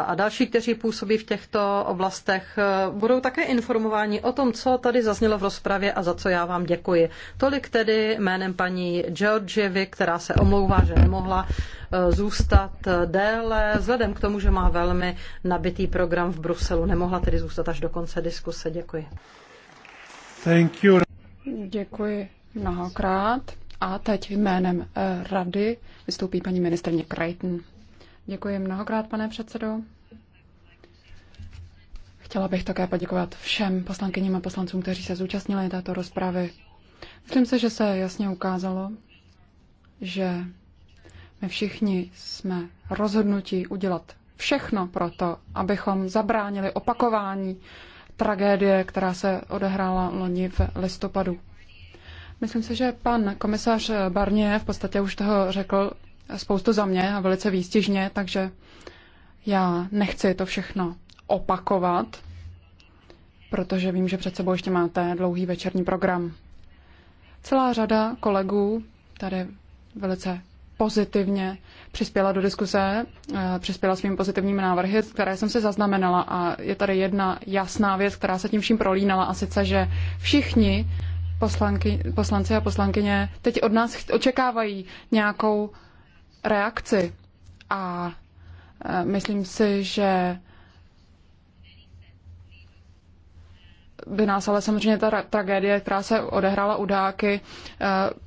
a další, kteří působí v těchto oblastech, budou také informováni o tom, co tady zaznělo v rozpravě a za co já vám děkuji. Tolik tedy jménem paní Georgievy, která se omlouvá, že nemohla zůstat déle, vzhledem k tomu, že má velmi nabitý program v Bruselu. Nemohla tedy zůstat až do konce diskuse. Děkuji. Thank you. Děkuji mnohokrát. A teď jménem eh, rady vystoupí paní ministrně Krajten. Děkuji mnohokrát, pane předsedo. Chtěla bych také poděkovat všem poslankyním a poslancům, kteří se zúčastnili této rozpravy. Myslím se, že se jasně ukázalo, že my všichni jsme rozhodnutí udělat všechno pro to, abychom zabránili opakování tragédie, která se odehrála loni v listopadu Myslím si, že pan komisař Barnier v podstatě už toho řekl spoustu za mě a velice výstižně, takže já nechci to všechno opakovat, protože vím, že před sebou ještě máte dlouhý večerní program. Celá řada kolegů tady velice pozitivně přispěla do diskuse, eh, přispěla svými pozitivními návrhy, které jsem si zaznamenala a je tady jedna jasná věc, která se tím vším prolínala a sice, že všichni poslanky, poslanci a poslankyně teď od nás očekávají nějakou reakci. A e, myslím si, že by nás ale samozřejmě ta tragédie, která se odehrála u Dáky, e,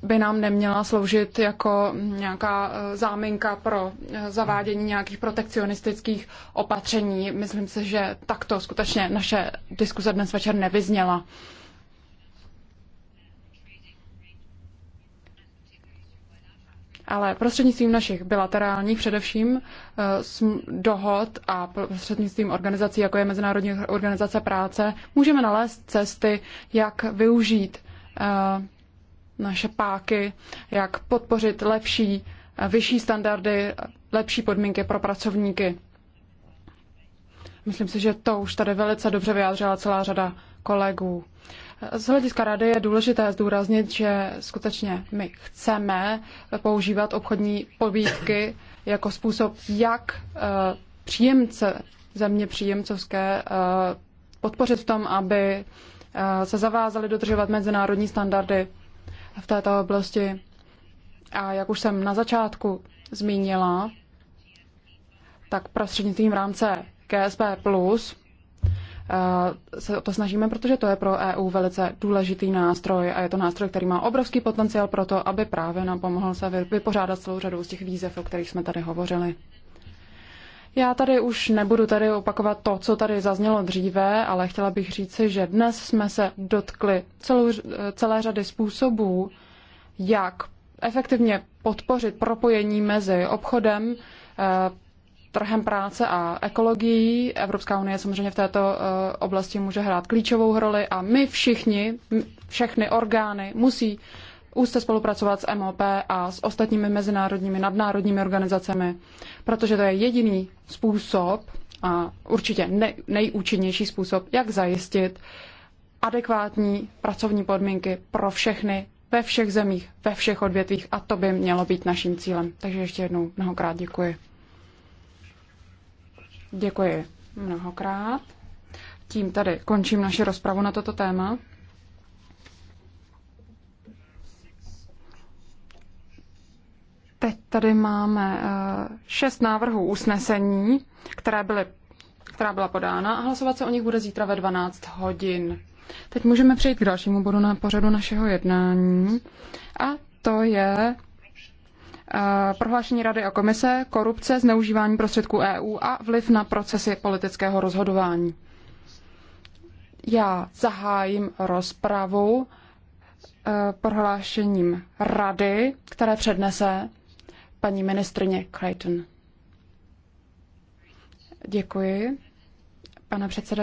by nám neměla sloužit jako nějaká e, záminka pro zavádění nějakých protekcionistických opatření. Myslím si, že takto skutečně naše diskuze dnes večer nevyzněla. ale prostřednictvím našich bilaterálních, především eh, dohod a prostřednictvím organizací, jako je Mezinárodní organizace práce, můžeme nalézt cesty, jak využít eh, naše páky, jak podpořit lepší, eh, vyšší standardy, lepší podmínky pro pracovníky. Myslím si, že to už tady velice dobře vyjádřila celá řada kolegů. Z hlediska rady je důležité zdůraznit, že skutečně my chceme používat obchodní pobídky jako způsob, jak eh, příjemce země příjemcovské eh, podpořit v tom, aby eh, se zavázali dodržovat mezinárodní standardy v této oblasti. A jak už jsem na začátku zmínila, tak prostřednictvím rámce GSP Plus Eh, se o to snažíme, protože to je pro EU velice důležitý nástroj a je to nástroj, který má obrovský potenciál pro to, aby právě nám pomohl se vypořádat celou řadou z těch výzev, o kterých jsme tady hovořili. Já tady už nebudu tady opakovat to, co tady zaznělo dříve, ale chtěla bych říci, že dnes jsme se dotkli celou, celé řady způsobů, jak efektivně podpořit propojení mezi obchodem, eh, trhem práce a ekologií. Evropská unie samozřejmě v této eh, oblasti může hrát klíčovou roli a my všichni, všechny orgány musí úzce spolupracovat s MOP a s ostatními mezinárodními nadnárodními organizacemi, protože to je jediný způsob a určitě nejúčinnější způsob, jak zajistit adekvátní pracovní podmínky pro všechny ve všech zemích, ve všech odvětvích a to by mělo být naším cílem. Takže ještě jednou mnohokrát děkuji. Děkuji mnohokrát. Tím tady končím naši rozpravu na toto téma. Teď tady máme eh, šest návrhů usnesení, které byly, která byla podána a hlasovat se o nich bude zítra ve 12 hodin. Teď můžeme přejít k dalšímu bodu na pořadu našeho jednání a to je Eh, prohlášení Rady a komise, korupce, zneužívání prostředků EU a vliv na procesy politického rozhodování. Já zahájím rozpravu eh, prohlášením Rady, které přednese paní ministrině Clayton. Děkuji, pane předsedající.